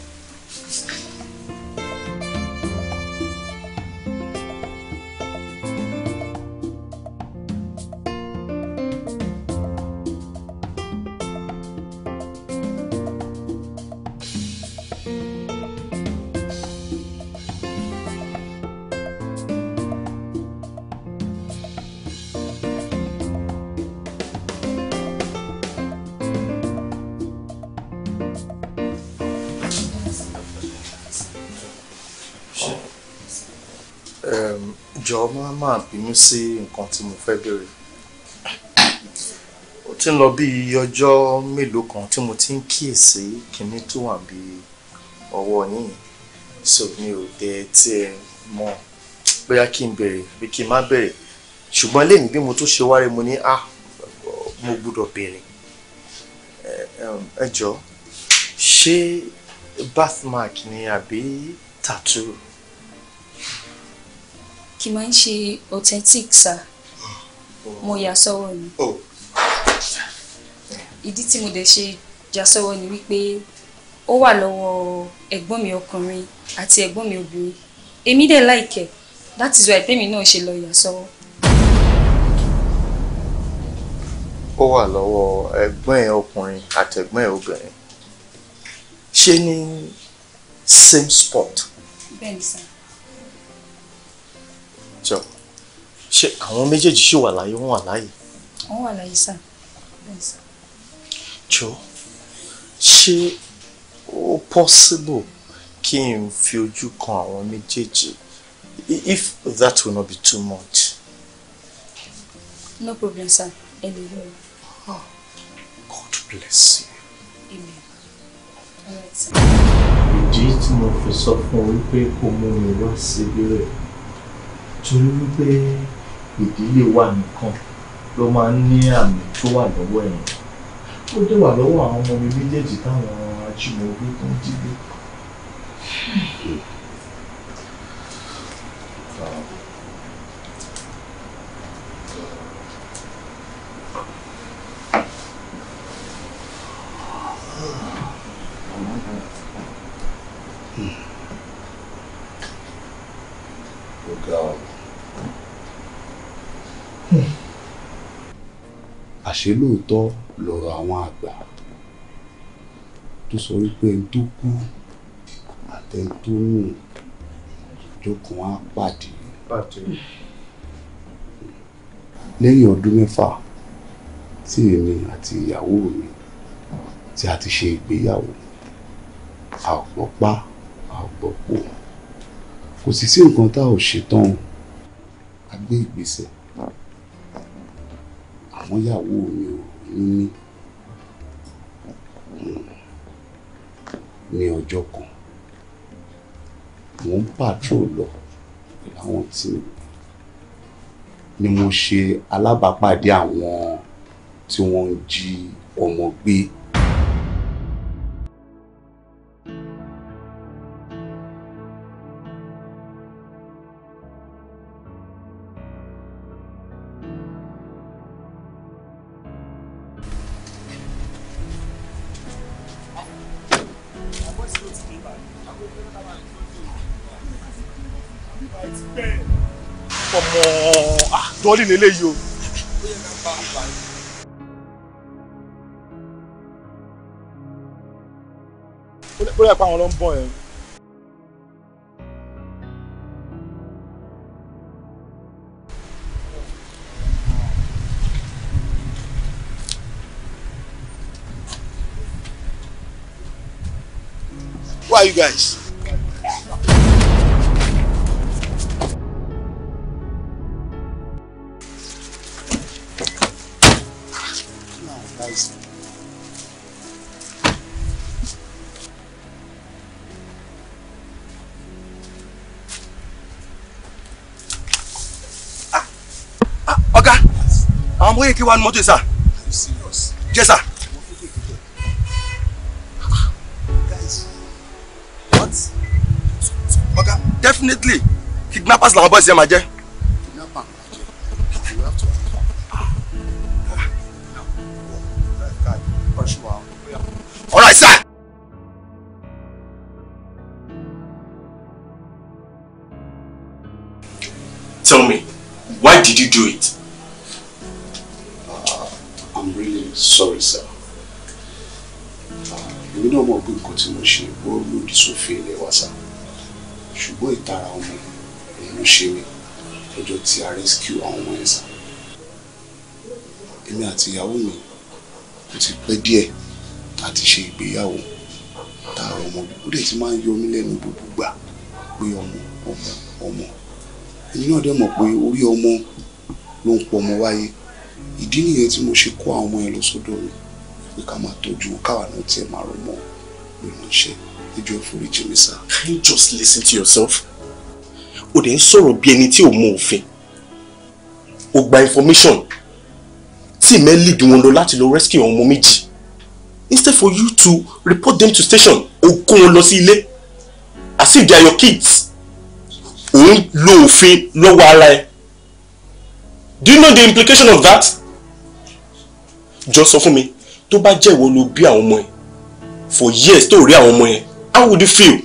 jọ máa máa bínú sí nǹkan tí mo fẹ́ béèrè ó ti ń lọ bí ọjọ́ mélòó kan tí mo ti ń kíyèsí kinní tó wà bí ọwọ́ yín so mi ò dé tí ẹ mọ̀ bóyá kí n béèrè bí kí n má béèrè ṣùgbọ́n lẹ́yìn bí mo tún ṣe wárí mo ní ah mo gbọ́dọ̀ béèrè ẹ jọ ṣé birthmark ni àbí tattoo kì máa ń ṣe authentic sa mo yà sọ́wọ́ ni oh. ìdí tí mo dẹ̀ ṣe jà sọ́wọ́ ni wípé ó wà lọ́wọ́ ẹ̀gbọ́n mi ọkùnrin àti ẹ̀gbọ́n mi obìnrin èmi dẹ̀ láìkẹ̀ that is why tèmi náà ṣe lọ yà sọ́wọ́. ó wà lọ́wọ́ ẹ̀gbọ́n ẹ̀ ọkùnrin àtẹ̀gbọ́n ẹ̀ obìnrin ṣé ní same spot. bẹ́ẹ̀ ni sá. ṣé àwọn méjèèjì ṣì wà láyé wọn wà láyé. wọn wà láyé sá. jọ ṣé ó possible kí n fi ojú kan àwọn méjèèjì if that will not be too much. no problem sir ẹ lè lọ. Ah, God bless you. amen. ìdí tí mo fi sọ fún un wípé kò mú mi wá síbí rẹ̀ torí wípé ìdílé wa nìkan ló máa ń ní àmì tó wà lọ́wọ́ ẹ̀yìn ó dé wà lọ́wọ́ àwọn ọmọ mi méjèèjì táwọn ajínigbé tó ń jí àṣé lóòótọ́ lọ̀rọ̀ àwọn àgbà tó sọ wípé ẹni tó kú àtẹni tó nù ìjókòó á pàdé lẹ́yìn ọdún mẹ́fà tí èmi àti ìyàwó mi tí a ti ṣe ìgbéyàwó a ò a ò gbọ́ pò kò sì sí nǹkan tá a ò ṣetán a gbé ìgbésẹ̀ àmọ́ ìyàwó mi ò ní mí ní ọjọ́ kan mò ń pàtrò lọ láwọn tí ni mo ṣe alábàápàdé àwọn tí wọ́n ń jí ọmọ gbé. ọmọ àdọ́lì ah, lélẹ́yìí o. bóyá pa àwọn ló ń bọ̀ yẹn. Who are you guys? àwọn ọmọ kékeré wa ni mọ́tò yìí sà Guys, what? ọ̀gá definitely kidnappers làwọn bọ́ọ̀sì yẹn máa jẹ́. díẹ̀ àti ṣe ìgbéyàwó tààrà ọmọ ó dẹ̀ ti máa ń yọ mí lẹ́nu gbogbo gbà pé ọmọ ọmọ ọmọ èmi náà dẹ̀ mọ̀ pé orí ọmọ ló ń pọ̀ ọmọ wáyé ìdí nìyẹn tí mo ṣe kó àwọn ọmọ yẹn lọ sọ́dọ̀ mi pé ká máa tọ́jú káwa náà tiẹ̀ máa rọmọ ìránṣẹ́ ìjọ ìforíjì mi sá. Can you just listen to yourself? o dẹ̀ ń sọ̀rọ̀ bí ẹni tí ò mọ òfin o gba information tí mẹ́lì bí wọn lọ láti lọ rescue àwọn ọmọ méjì instead for you to report them to station o kó wọn lọ sí ilé as if they are your kids ò ń lo òfin lọ́wọ́ ara ẹ do you know the implication of that jọ sọ fún mi tó bá jẹ́ ìwọ ló bí àwọn ọmọ ẹ for years tó rí àwọn ọmọ ẹ how would you feel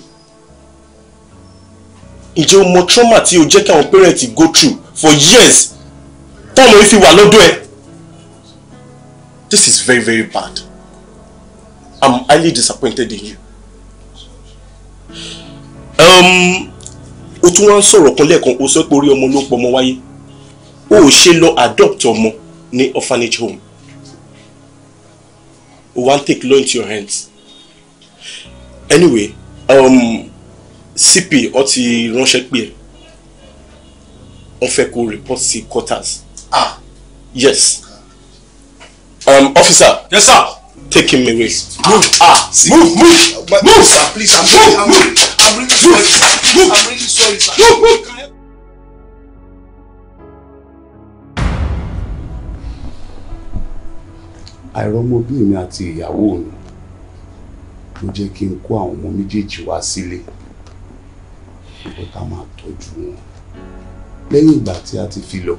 ǹjẹ́ o mọ trauma tí o jẹ́ kí àwọn parents go through for years fọ́ọ̀mù yìí fi wà lọ́dọ̀ ẹ this is very very bad. I'm highly disappointed in you. Um, o tún wá ń sọ̀rọ̀ kan lẹ́ẹ̀kan o sọ pé orí ọmọ ló ń pọmọ wáyé o ò ṣe lọ adopt ọmọ ní orphanage home o wá take law into your hands anyway um, CP ọ ti ránṣẹ́ pé ẹ wọ́n fẹ́ kó report sí quarters. ah yes um, officer. yes sir taking me away. Move, ah, move, move, but, move, sir, please, I'm move, really, move. I'm really sorry, sir. Move. I'm really sorry, sir. Move, move. àìrọ́mọbí mi àti ìyàwó mi ló jẹ́ kí n kó àwọn ọmọ méjèèjì wá sílé pé ká máa tọ́jú wọn lẹ́yìn ìgbà tí a ti fi lọ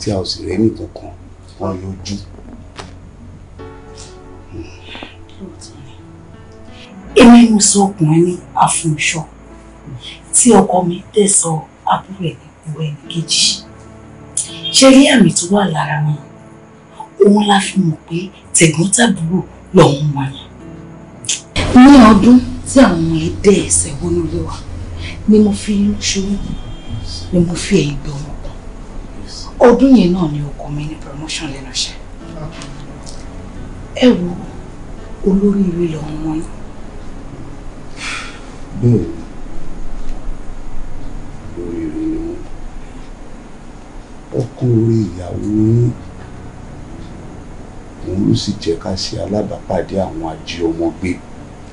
tí a ò sì rẹ́nì kankan wọn yọjú lóòótọ́ ni èmi mo sọ ọkùnrin ní àfúnṣọ tí ọkọ mi tẹ̀sọ àbúrò ẹ̀ nípò ẹnì kejì ṣe rí àmì tó wà lára wọn òun la fi mọ̀ pé tẹ̀gbọ́ntàbúrò lọ́hùn wọn ni ní ọdún tí àwọn ọmọ ẹ dẹ ẹsẹ̀ wọnú ilé wa ni mo fi ń ṣoyún ni mo fi ẹ̀yìn gbé ọmọ kan ọdún yẹn náà ni ọkọ mi ní promotion lẹ́nu iṣẹ́ ẹ wo olóríire lọ́wọ́ wọn. bẹ́ẹ̀ olóríire ni wọn ọkọ orí ìyàwó yín òun ló sì jẹ́ ká ṣe alábàápàdé àwọn àjẹ ọmọ gbé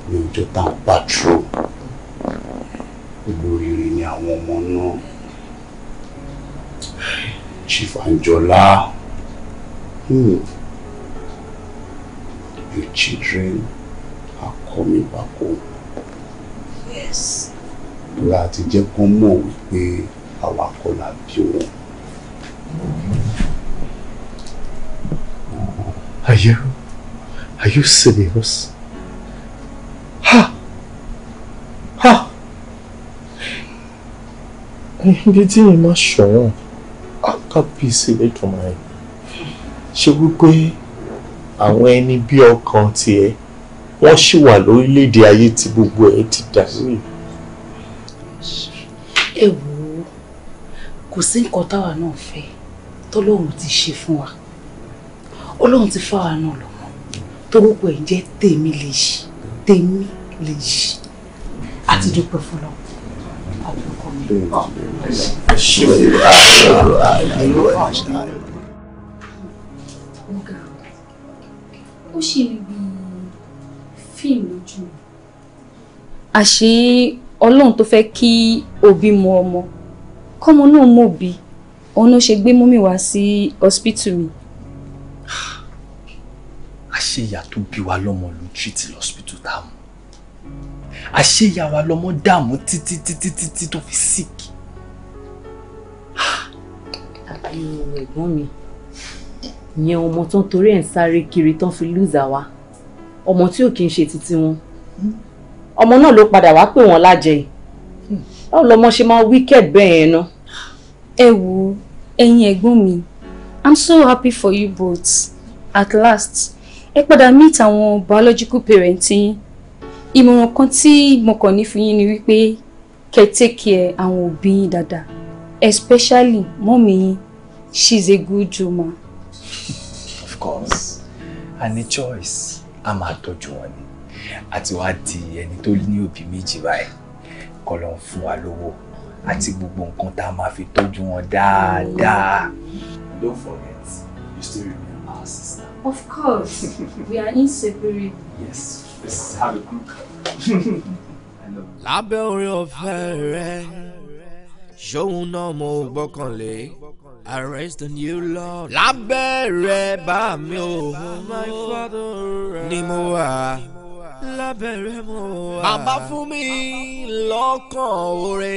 ní ọjọ́ tá à ń pàtrò olóríire ni àwọn ọmọ náà Chief Anjola. Hmm your children are coming back home. Yes. La ti jẹ́ kán mọ̀ wípé àwa kọ́ la bí wọn. Are you, are you serious? Ha! Ha! Ibi tí yìí máa ṣọ̀wọ́n, a kà bí sílẹ̀ jùmọ̀ ẹ̀. Ṣé wípé àwọn ẹni bí ọkàn tiẹ̀ wọ́n ṣì wà lórílẹ̀‐èdè ayé tí gbogbo ẹ̀ ti dà sí. ẹ wò ó kò sí nǹkan táwa náà fẹ́ tọ́lọ́run ti ṣe fún wa ọlọ́run ti fáwa náà lọ́mọ torúkọ ẹ̀ jẹ́ tèmi lè ṣí tèmi lè ṣí àti dúpẹ́ fún lọ́wọ́ àbúkọ mi. ó ṣì rí bí fíìmù lójú mi. àṣé ọlọ́run tó fẹ́ kí òbí mọ ọmọ kọ́mọ náà mọ̀ bí òun ló ṣe gbé mọ́mì wá sí hospital mi. àṣé ìyá tó bí wa lọ́mọ ló treat hospital tá a mú àṣé ìyá wa lọ́mọ dààmú títí títí títí tó fi sick. àbí ẹ̀gbọ́n mi ìyẹn ọmọ tó ń torí ẹ̀ ń sáré kiri tán fi lùzà wa ọmọ tí ò kí ń ṣe títí wọn ọmọ náà ló padà wá pè wọ́n lájẹ báwo lọmọ ṣe máa wicked bẹ́ẹ̀ yẹn náà. ẹ wo ẹ̀yin ẹ̀gbọ́n mi i'm so happy for you both at last ẹ padà meet àwọn biological parents yín ìmọ̀ràn kan tí mo kàn ní fún yín ni wípé kẹ́ take care àwọn òbí yín dáadáa especially mọ́mí yín she's a good woman course a ní choice a máa tọ́jú wọn ni àti wá di ẹni tó ní òbí méjì báyìí kọ́ ló ń fún wa lówó àti gbogbo nǹkan tá a máa fi tọ́jú wọn dáadáa. don't forget you still remain our sister. of course we are inseparable. yes let's have a group. lábẹ́ orin ọ̀fẹ́ rẹ̀ ṣóun náà mo gbọ́kànlé. I raise the new Lord. Lábẹ́rẹ́ bá mi ò ní mo wà. Lábẹ́rẹ́ mo wà. Baba fún mi lọ́kàn oore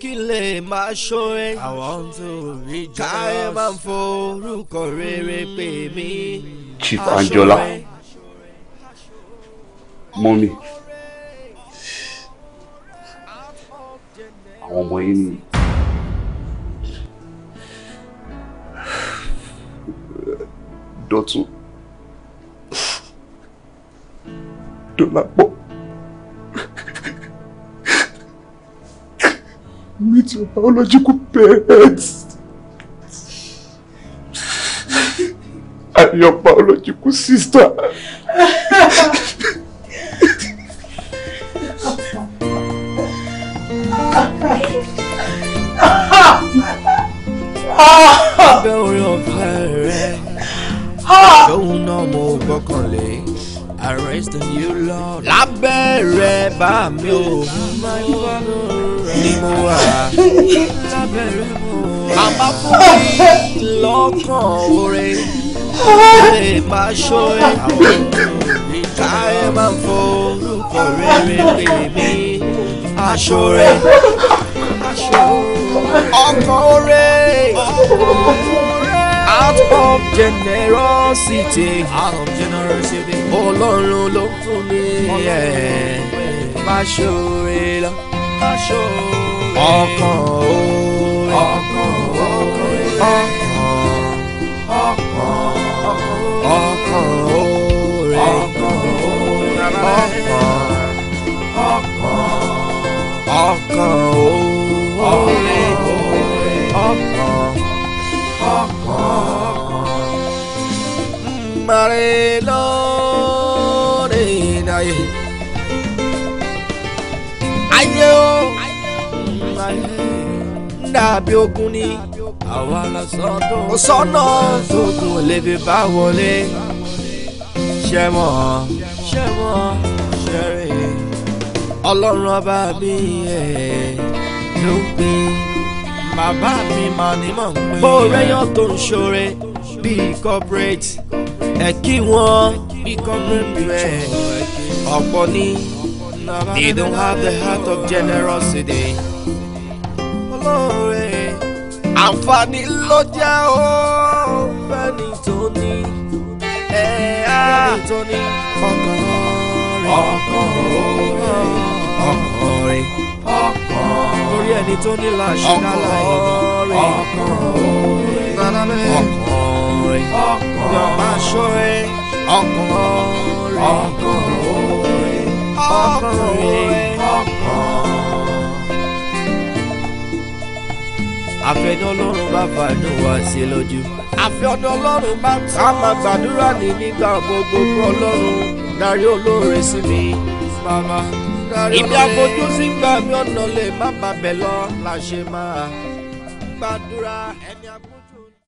kí lè máa ṣóre. I want to rejoice. Káyọ̀ máa ń forúkọ rere pè mí. Chief Anjola, mọ́mí, àwọn ọmọ yìí ni. Dọ̀tun Dọ̀lápọ̀ meet your biological parents and your biological sister. Ah! Bell tóun náà mo gbọ́kànlé arrest the new lord lábẹ́ rẹ̀ bá mi ò ní mo wà lábẹ́ rẹ̀ mo wà àmọ́ fún mi lọ́kàn oore lè má ṣó ẹ̀ ká ẹ̀ máa forúkọ rere pè mí aṣọ rẹ̀ ọkàn oore out of generosity. out of generosity. ọlọ́run ló fún mi ẹ̀ má ṣòre lọ. má ṣòre. ọkàn òòrè. ọkàn òòrè. ọkàn ọkàn ọkàn òòrè. ọkàn òòrè. ọkàn ọkàn òòrè. abíógún ni àwa la sọ́nà. ó sọ́nà tógun ò lè fi bá wọlé. ṣẹ́mọ̀ ṣẹ́mọ̀ ṣẹ́rẹ̀ ọlọ́run ọba mi ẹ̀ ló gbé. bàbá mi mà ní mọ̀ ń gbé. bó rẹ́yàn tó ń ṣoore bíi corporate ẹ̀ kí wọ́n bí corporate rẹ̀ ọ̀pọ̀ ni they don't have the heart of generosity àǹfààní ló jẹ́ ó fẹ́ni tó ní ẹ̀ẹ́dá tó ní ọkàn rẹ̀ ọkàn rẹ̀ ọkàn rẹ̀ orí ẹni tó ní làṣẹ lálàyé ni ọkàn rẹ̀ ọkàn rẹ̀ yọ̀ọ̀má ṣọ́rẹ́ ọkàn rẹ̀ ọkàn rẹ̀ ọkàn rẹ̀ ọkàn rẹ̀. àfẹnú ọlọ́run bá fàánú wá sí lójú. àfẹnú ọlọ́run bá tún. a máa gbàdúrà ní nígbà gbogbo fún ọlọ́run darí olóore sí mi. bàbá ibi àfojú sí gbàmí ọ̀nà lè má bàbẹ̀ lọ la ṣe máa gbàdúrà.